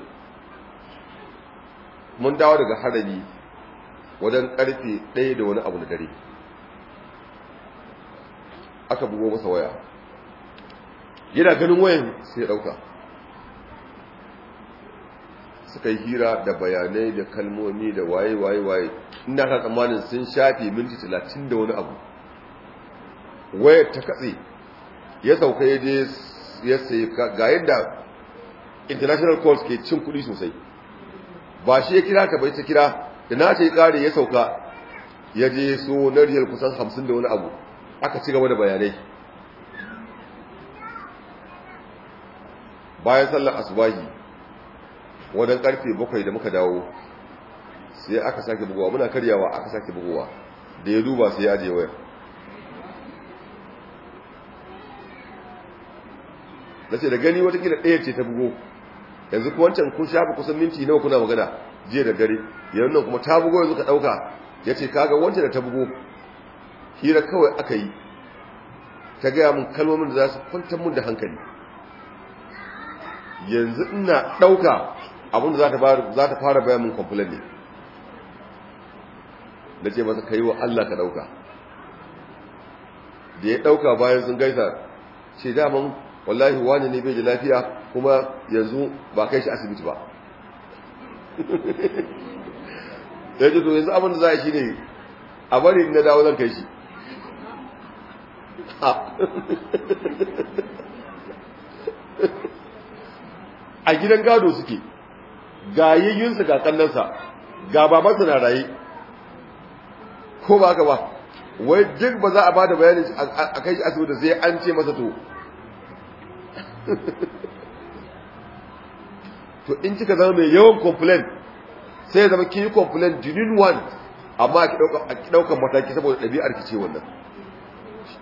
mun dawo daga harami wajen karfe ɗaya da wani abu na dare aka bugo masa waya yana ganin wayan sai ɗauka suka yi hira da bayanai da kalmomi da waye waye waye ina ka tsammanin sun shafe minti talatin da wani abu wayar ta katse ya sauka ya je ya sayi ga yadda international calls ke cin kudi sosai ba shi ya kira ka bai ta kira da na ce ƙari ya sauka ya je so na riyar kusan hamsin da wani abu aka ci gaba da bayanai bayan sallar asubahi wadan karfe bakwai da muka dawo sai aka sake bugowa muna karyawa aka sake bugowa da ya duba sai ya ajiye wayar na ce da gani watakila ɗaya ce ta bugo yanzu kuwancan kun shafa kusan minti nawa kuna magana jiya da dare yana nan kuma ta bugo yanzu ka dauka yace kaga wanda da ta bugo hira kawai aka yi ta gaya mun kalmomin da za su kwantar mun da hankali yanzu ina ɗauka abinda za ta fara bayan mun kwamfulan ne da ce masa ka wa Allah ka ɗauka da ya ɗauka bayan sun gaisa ce daman wallahi wani ne bai da lafiya kuma yanzu ba kai shi asibiti ba ya *laughs* ce to yanzu abin da za a shi ne a bari na dawo zan kai shi *laughs* a gidan gado suke ga yayyinsa ga kannansa ga babansa na raye ko ba haka ba wai duk ba za a ba da bayani a kai shi asibiti sai an ce masa to *laughs* to in kika zama mai yawan complain sai zama kin yi complain dinin one amma ki dauka ki dauka mataki saboda dabi'ar ki ce wannan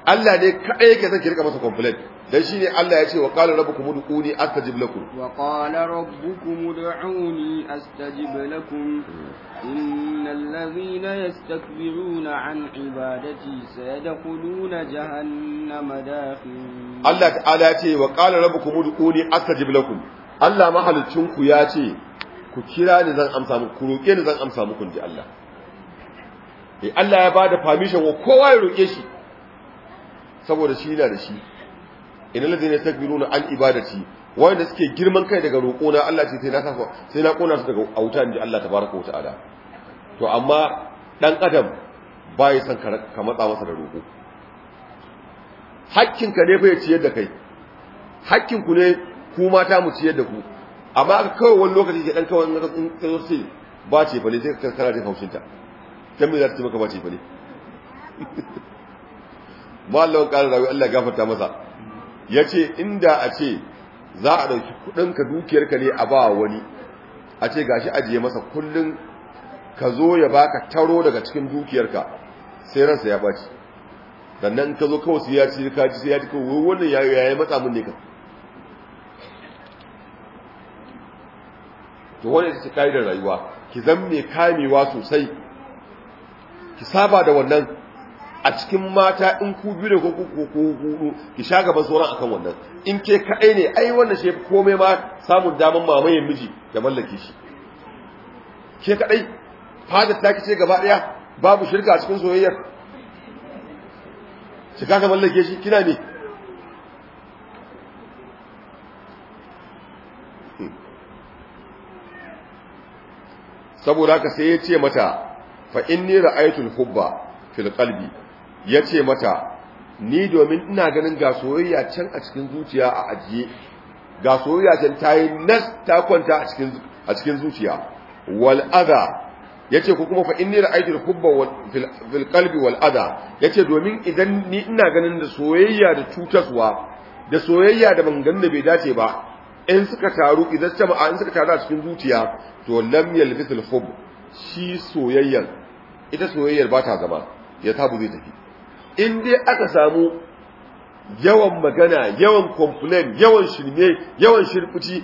Allah ne kadai yake son ki rika masa complain dan shine Allah ya ce wa qala rabbukum ud'uni astajib lakum wa qala rabbukum ud'uni astajib lakum innal ladhina yastakbiruna an ibadati sayadkhuluna jahannama madakhin Allah ta'ala ya ce wa qala rabbukum ud'uni astajib lakum Allah mahalicinku ya ce ku kira ni zan amsa muku ku roƙe ni zan amsa muku ji Allah eh Allah ya bada permission wa kowa ya roƙe shi saboda shi yana da shi innal ladina takbiruna an ibadati wanda suke girman kai daga roƙona Allah ce sai na ƙona kona su daga auta inji Allah tabaraka wa ta'ala to amma ɗan adam bai san ka matsa masa da roƙo hakkinka ne fa ya ciyar da kai hakkinku ne ku mata mu ciyar da ku amma kawai wani lokaci ke dan kawai in ka zo ba ce fa ne sai ka kana jin haushin ta kan me za ta ce maka ba ce fa ne *laughs* mallon ƙarar rawi Allah gafarta masa yace inda a ce za a dauki kudin ka dukiyar ka ne a ba wani a ce gashi ajiye masa kullun ka zo ya baka taro daga cikin dukiyar ka sai ransa ya baci sannan ka zo kawai sai ya ci ka ji sai ya ji kawai wannan yayi matsa mun ne ka to wane su kai da rayuwa ki zan me kamewa sosai ki saba da wannan a cikin mata in ku biyu ne ko ku ko hudu ki sha gaban sauran akan wannan in ke kaɗai ne ai wannan shi komai ma samun daman mamayen miji da mallake shi ke kaɗai fada ta kice gaba ɗaya babu shirka cikin soyayyar shiga ka mallake shi kina ne saboda haka sai ya ce mata fa inni ra'aytul hubba fil qalbi ya ce mata ni domin ina ganin ga soyayya can a cikin zuciya a ajiye ga soyayya can ta yi nas ta kwanta a cikin a cikin zuciya wal adha yace ko kuma fa inni ra'aytul hubba fil qalbi wal adha yace domin idan ni ina ganin da soyayya da cutaswa da soyayya da ganin da bai dace ba in suka taru idan jama'a in suka taru a cikin zuciya to lam yalbisul hub shi soyayyan ita soyayyar ba ta zama ya tabu zai tafi in dai aka samu yawan magana yawan complain yawan shirme yawan shirfuci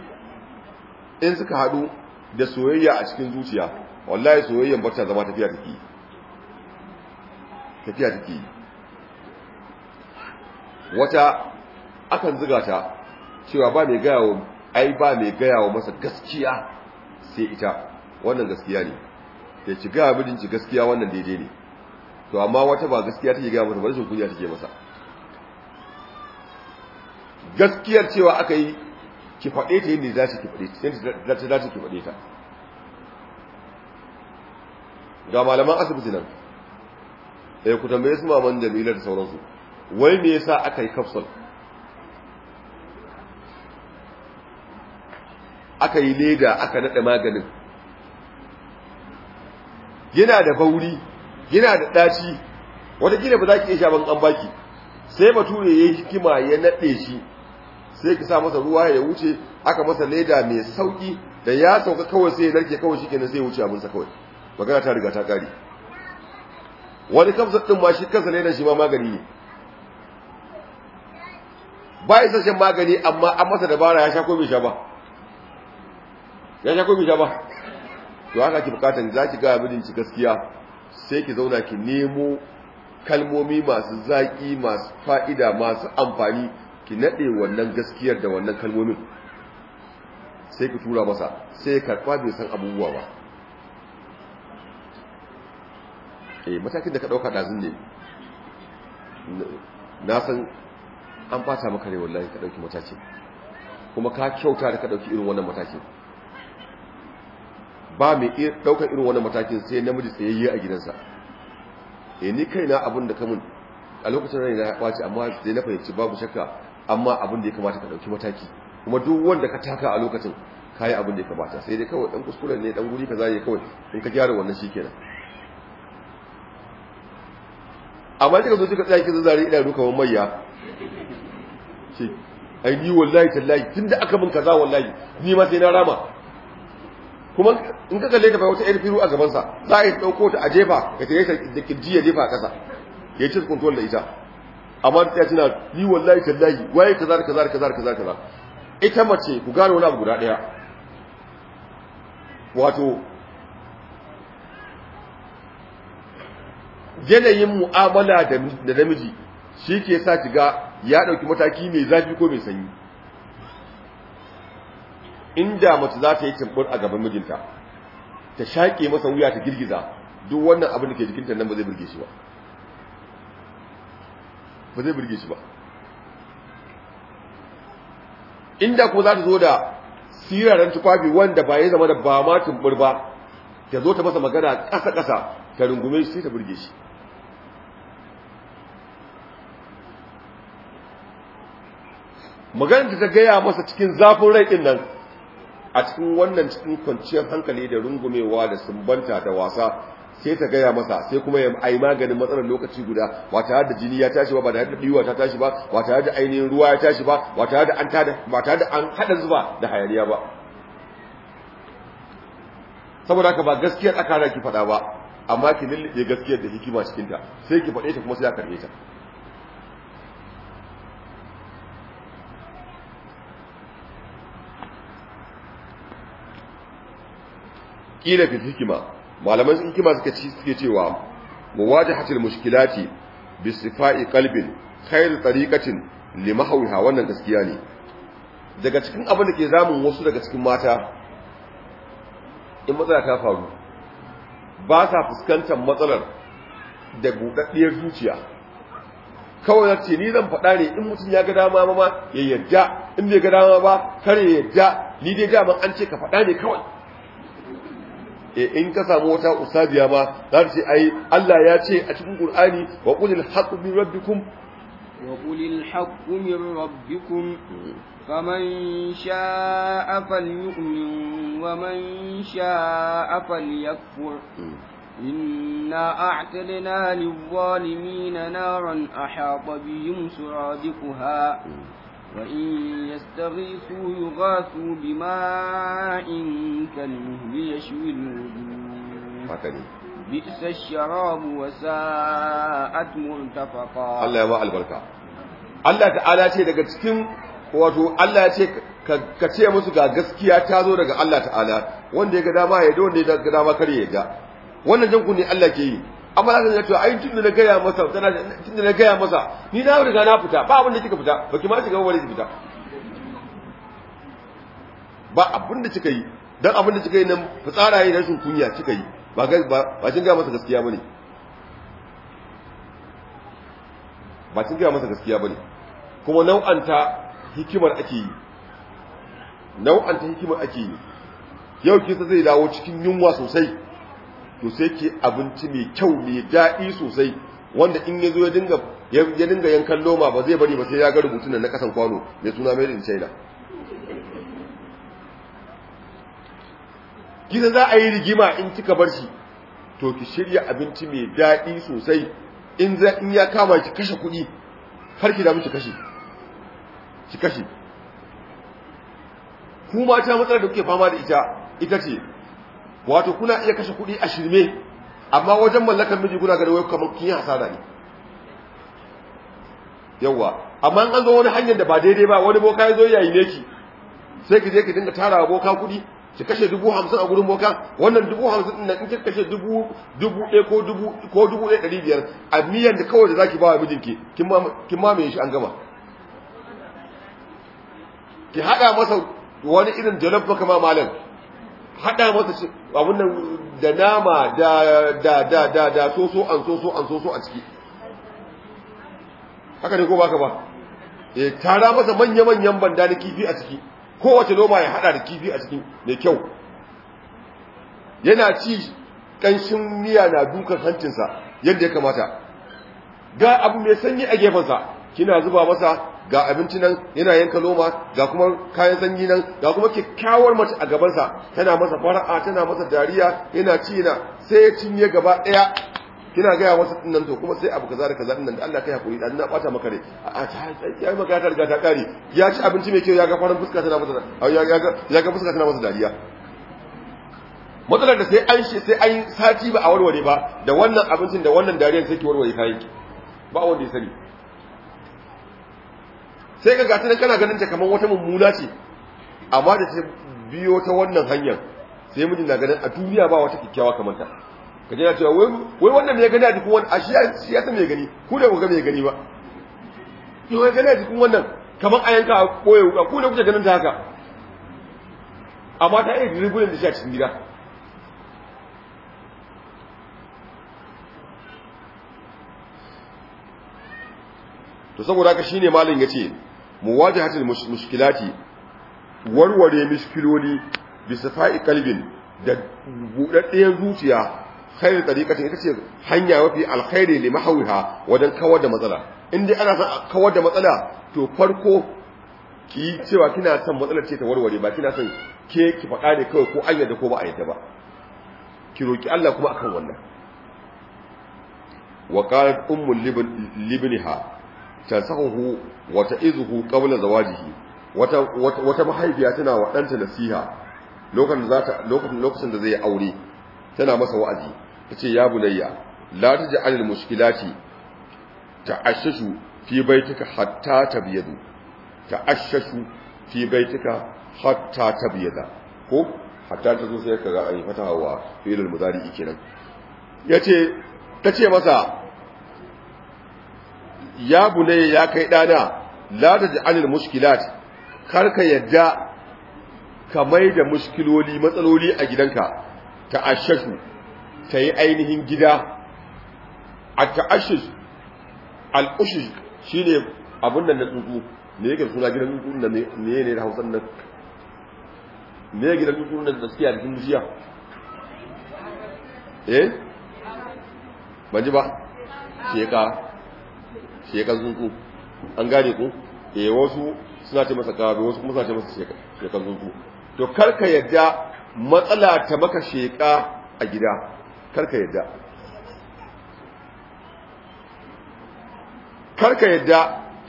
in suka hadu da soyayya a cikin zuciya wallahi soyayyan ba ta zama tafiya take tafiya take wata akan ziga ta cewa ba mai gaya wa ai ba mai gaya wa masa gaskiya sai ita wannan gaskiya ne ya ci gaya ci gaskiya wannan daidai ne to amma wata ba gaskiya take gaya masa ba rashin kunya take masa gaskiyar cewa aka yi ki faɗe ta yadda za ta ki faɗe ta yadda za ta ki faɗe ta ga malaman asibiti nan ɗaya eh, ku tambaye su maman jamila da sauransu wai me yasa aka yi kapsul aka yi leda aka nada maganin yana da bauri yana da ɗaci gina ba za ki iya sha ban an baki sai bature ya yi hikima ya naɗe shi sai ki sa masa ruwa ya wuce aka masa leda mai sauki da ya sauka kawai sai ya narke kawai shi kenan sai ya wuce abinsa kawai magana ta riga ta kari wani kamsa ɗin ma shi kansa ledan shi ma magani ne ba isa shan magani amma an masa dabara ya sha ko bai sha ba ya sha ko sha ba to haka ki bukata za ki ga ci gaskiya sai ki zauna ki nemo kalmomi masu zaki masu fa'ida masu amfani ki naɗe wannan gaskiyar da wannan kalmomin sai ki tura masa sai karɓa bai san abubuwa ba eh matakin da ka ɗauka ɗazin ne na san an fata maka ne wallahi ka ɗauki matakin kuma ka kyauta da ka ɗauki irin wannan matakin ba mai iya daukar irin wani matakin sai namiji tsayayye a gidansa eh ni kaina abin da kamun a lokacin rai na ya amma sai na fahimci babu shakka amma abin da ya kamata ka dauki mataki kuma duk wanda ka taka a lokacin kayi abin da ya kamata sai dai kawai dan kuskuren ne dan guri ka ne kawai in ka gyara wannan shikenan amma kika zo kika tsaya kika zare ina ruka wa mayya shi ai ni wallahi tallahi tunda aka min kaza wallahi ni ma sai na rama kuma in ka kalle ta fa wata yar firu a gabansa za a yi ɗauko ta a jefa ka tare ta da kirji ya jefa a ƙasa ya ci control da ita amma ta na yi wallahi tallahi waye kaza kaza kaza kaza kaza ita mace ku gane wani abu guda ɗaya wato yanayin mu'amala da namiji shi ke sa ki ga ya ɗauki mataki mai zafi ko mai sanyi inda mace za ta yi tumbur a gaban mijinta ta shaƙe masa wuya ta girgiza duk wannan abin da ke jikinta nan ba zai burge shi ba ba zai burge shi ba inda ko za ta zo da siraran tufafi wanda ba ya zama da ba ma ba ta zo ta masa magana ƙasa-ƙasa ta rungume shi sai ta burge shi Maganin da ta gaya masa cikin zafin rai ɗin nan a cikin wannan cikin kwanciyar hankali da rungumewa da sumbanta da wasa sai ta gaya masa sai kuma ya ai maganin matsalar lokaci guda ba tare da jini ya tashi ba ba tare da biyuwa ta tashi ba ba tare da ainihin ruwa ya tashi ba ba tare da an tada ba tare da an hada zuba da hayaniya ba saboda haka ba gaskiyar aka ki faɗa ba amma ki lillibe gaskiyar da hikima cikin ta sai ki faɗe ta kuma sai ka karbe ta kila fi hikima malaman hikima suka ci suke cewa muwajahatul mushkilati bi sifai qalbin khair tariqatin limahawiha wannan gaskiya ne daga cikin abin da ke zamun wasu daga cikin mata in matsala ta faru ba sa fuskantar matsalar da buɗaɗɗiyar zuciya kawai ce ni zan faɗa ne in mutum ya ga dama ma ya yarda in bai ga dama ba kare ya yarda ni dai daman an ce ka faɗa ne kawai Eh, in ka samu wata usabiya ba, za ta ce ai Allah ya ce a cikin Qur'ani wa qulil haqqu min rabbikum wa qulil haqqu min rabbikum faman sha'a falyu'min wa man sha'a falyakfur a'tadna lil zalimin naran ahata bihim suradiquha وإن يستغيثوا يغاثوا بماء كالمهل يشوي الوجوه بئس الشراب وساءت مرتفقا الله يبقى البركة Allah ta'ala ce daga cikin wato Allah ya ce ka ce musu ga gaskiya ta zo daga Allah ta'ala wanda ya ga dama ya da wanda ya ga dama kar ya da wannan jinku Allah ke yi amma za ka ga to ai tunda na gaya masa tana tunda na gaya masa ni na riga na fita ba abin da kika fita ki ma shiga wani fita ba abin da kika yi dan abin da kika yi nan fitsara yi rashin kunya kika yi ba ga ba kin ga masa gaskiya bane ba kin ga masa gaskiya bane kuma nau'anta hikimar ake yi nau'anta hikimar ake yi yau kisa zai dawo cikin yunwa sosai to sai ke abinci mai kyau mai daɗi sosai wanda in ya zo ya dinga ya dinga yankan loma ba zai bari ba sai ya ga rubutun nan na kasan kwano mai suna mai rin china kisa za a yi rigima in kika bar shi to ki shirya abinci mai daɗi sosai in za in ya kama ki kashe kuɗi har ki damu ki kashe ki kashe ku mata matsalar da kuke fama da ita ita ce wato kuna iya kashe kuɗi a shirme amma wajen mallakar miji kuna gari wai kamar kin yi hasara ne yawa amma an zo wani hanyar da ba daidai ba wani boka ya zo yayi ne ki sai ki je ki dinga tara wa boka kuɗi ki kashe dubu hamsin a gurin boka wannan dubu hamsin ɗin in ki kashe dubu dubu ɗaya ko dubu ko dubu ɗaya ɗari biyar a miyan da kawai da zaki ba wa mijinki kin mamaye shi an gama ki haɗa masa wani irin jalof maka ma malam hada masa abun nan da nama da da da da da soso an soso an soso a ciki haka ne ko baka ba eh tara masa manya manyan banda da kifi a ciki kowace noma ya hada da kifi a ciki mai kyau yana ci kanshin miya na dukan hancinsa yadda ya kamata ga abu mai sanyi a gefensa kina zuba masa ga abinci nan yana yanka loma ga kuma kayan sanyi nan ga kuma kyakkyawar mace a gabansa tana masa fara'a tana masa dariya yana ci yana sai ya cinye gaba ɗaya kina gaya wasu dinnan to kuma sai abu kaza da kaza dinnan da Allah kai hakuri dan na bata maka ne a ya yi maka ta riga ta kare ya ci abinci mai kyau ya ga farin fuska tana masa ya ga fuska tana masa dariya matsalar da sai an shi sai an sati ba a warware ba da wannan abincin da wannan dariyar sai ki warware kayan ba wanda ya sani sai ka gata na kana ganin ta kamar wata mummuna ce amma da ta biyo ta wannan hanyar sai mijin na ganin a duniya ba wata kyakkyawa kamar ta kaje na cewa wai wai wannan mai gani a jikin wannan a shi ya san mai gani ku da kuka mai gani ba to wai gani a jikin wannan kamar a yanka a koye wuka ku da kuke ganin ta haka amma ta iya rigunan da shi a cikin gida to saboda haka shine malin yace muwajahatul muskilati, warware mishkiloli bisa fa'i kalbin da buɗaɗɗiyar zuciya khairu tariqatin ita ce hanya mafi alkhairi ne mahawiha wajen kawar da matsala in dai ana son kawar da matsala to farko ki cewa kina son matsalar ce ta warware ba kina son ke ki faɗa ne kawai ko an yadda ko ba a yadda ba ki roki Allah kuma akan wannan wa qalat ummu libniha tasahu wa ta'izuhu qabla zawajihi wata wata mahaifiya tana wa danta nasiha lokacin da zata lokacin lokacin da zai aure tana masa wa'azi tace ya bunayya la taj'alil mushkilati ta'ashshu fi baitika hatta tabyadu ta'ashshu fi baitika hatta tabyada ko hatta ta zo sai kaga ai fatawa filil mudari kenan yace tace masa ya bulaye ya kai dana la ja'alil mushkilat kar ka yadda ka mai da mushkiloli matsaloli a gidanka ta'ashshu ta yi ainihin gida a ta'ashshu al shi shine abun nan da tsuntsu me yake suna gidan tsuntsu da me ne da Hausan nan me yake gidan tsuntsu da gaskiya da cikin eh ban ji ba sheka shekan tsuntsu an gane ku E, wasu suna ce masa kawo wasu kuma suna ce masa shekan tsuntsu to karka yadda matsala ta maka sheka a gida karka yadda karka yadda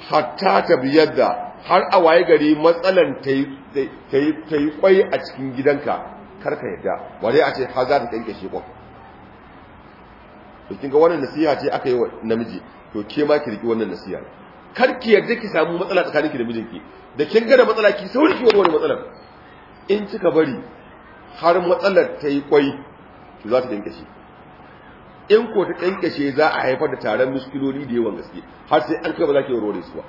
hatta ta biyar da har a waye gari matsalan ta yi kwai a cikin gidanka karka yadda wadai a ce haza ta kyanke shekwa to kin ga wannan nasiha ce aka yi wa namiji to ke ma ki riki wannan nasiha kar ki yarda ki samu matsala tsakanin ki da mijinki da kin ga da matsala ki sauri ki wani matsala. in kika bari har matsalar ta yi kwai to za ta kankashe in ko ta kankashe za a haifar da taron muskiloli da yawan gaske har sai an kai ba za ki warware su ba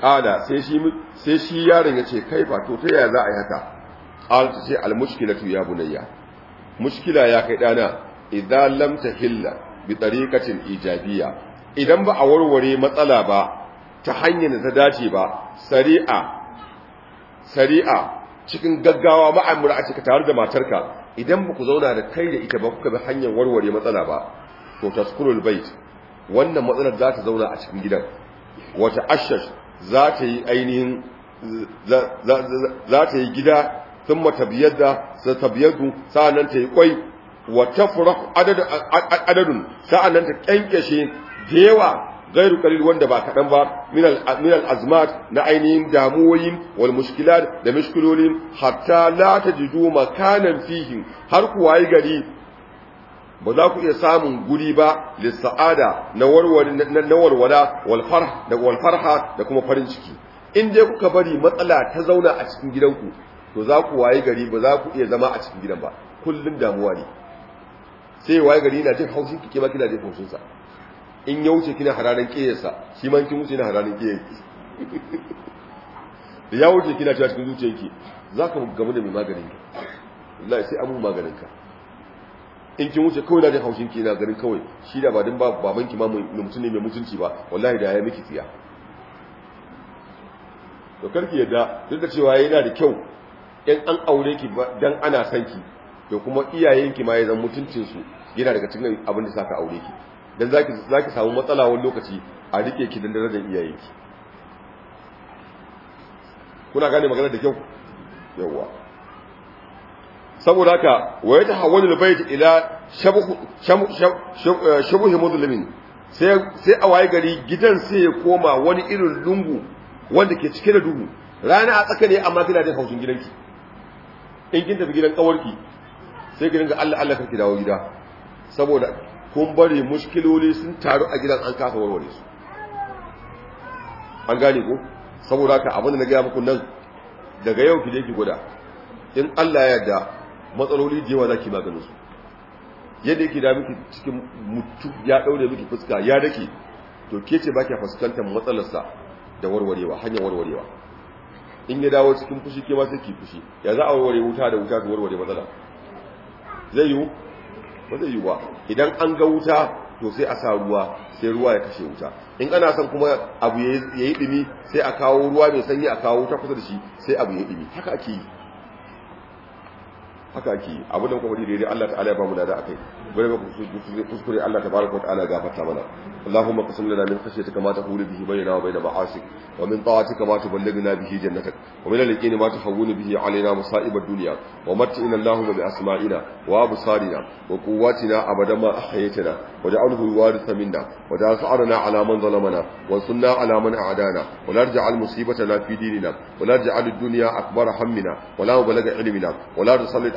kada sai shi sai shi yaron ya ce kai fa to ta yaya za a yi haka alta ce al mushkilatu ya bunayya mushkila ya kai dana idza lam tahilla bi tariqatin ijabiyya idan ba a warware matsala ba ta hanyar da ta dace ba sari'a sari'a cikin gaggawa ma'amura a cika tare da matarka idan ba ku zauna da kai da ita ba kuka bi hanyar warware matsala ba to taskurul bait wannan matsalar za ta zauna a cikin gidan wata ashash za ta yi ainihin za ta yi gida thumma tabyadda sa tabyadu sa'annan ta yi kwai wa tafrah adad adadun sa'annan ta kenkeshe da yawa gairu kalil wanda ba kaɗan ba minal azmat na ainihin damuwoyin wal mushkilat da mushkilolin hatta la tajidu makanan fihi har ku wayi gari ba za ku iya samun guri ba lissa'ada na warwala wal da kuma farin ciki in dai kuka bari matsala ta zauna a cikin gidanku to za ku waye gari ba za ku iya zama a cikin gidan ba kullum damuwa ne sai waye gari na jin haushi kike ba kina jin haushin sa in ya wuce kina hararin kiyarsa shi man kin wuce na hararin kiyarki da ya wuce kina cewa cikin zuciyarki za ka gamu da mai maganin ki wallahi sai abu maganin ka in kin wuce kawai na jin haushin ki na garin kawai shi da ba din ba baban ki ma mutum ne mai mutunci ba wallahi da ya miki tsiya to karki yadda duk da cewa yana da kyau in an aure ki dan ana san ki to kuma iyayenki ma ya zama mutuncin su yana daga cikin abin da saka aure ki dan zaki zaki samu matsala wani lokaci a rike ki dan darajar iyayenki kuna gane magana da kyau yawa saboda haka wa ya tahawwalu albayt ila shabuhi shabu eh, sai sai a waye gari gidan sai ya koma wani irin lungu wanda ke cike da duhu rana a tsaka ne amma kina da haushin gidanki in kin tafi gidan kawarki sai ki dinga Allah Allah karki dawo gida saboda kun bari mushkiloli sun taru a gidan an kasa warware su an gane ko saboda ka abin da na gaya muku nan daga yau ki je ki gwada in Allah ya yarda matsaloli da yawa zaki maganin su yadda yake da miki cikin mutu ya daure miki fuska ya dake to ke ce baki fuskantar matsalarsa da warwarewa hanyar warwarewa in ya dawo cikin fushi ke ba sai ki fushi ya za a warware wuta da wuta ta warware matsala zai yiwu ba zai yiwu ba idan an ga wuta to sai a sa ruwa sai ruwa ya kashe wuta in ana son kuma abu ya yi dumi sai a kawo ruwa mai sanyi a kawo wuta kusa da shi sai abu ya yi dumi haka ake yi haka ake yi abin da kuma daidai Allah ta'ala ya bamu mu lada akai ba kuskure Allah tabaraka wa ta'ala gafarta mana Allahumma qasim lana min khashyatika ma tahulu bihi bainana wa bain ma'asik wa min ta'atika ma tuballighuna bihi jannatak wa min al-yaqini ma tahawwinu bihi ad-dunya wa mat'ina Allahumma bi asma'ina wa absarina wa quwwatina abada ma ahyaytana wa ja'alhu waritha minna wa ala man zalamana wa sunna ala man a'adana wa la taj'al musibatana fi dinina wa la taj'al ad-dunya akbara hammina wa la balagha ilmina wa la tusallit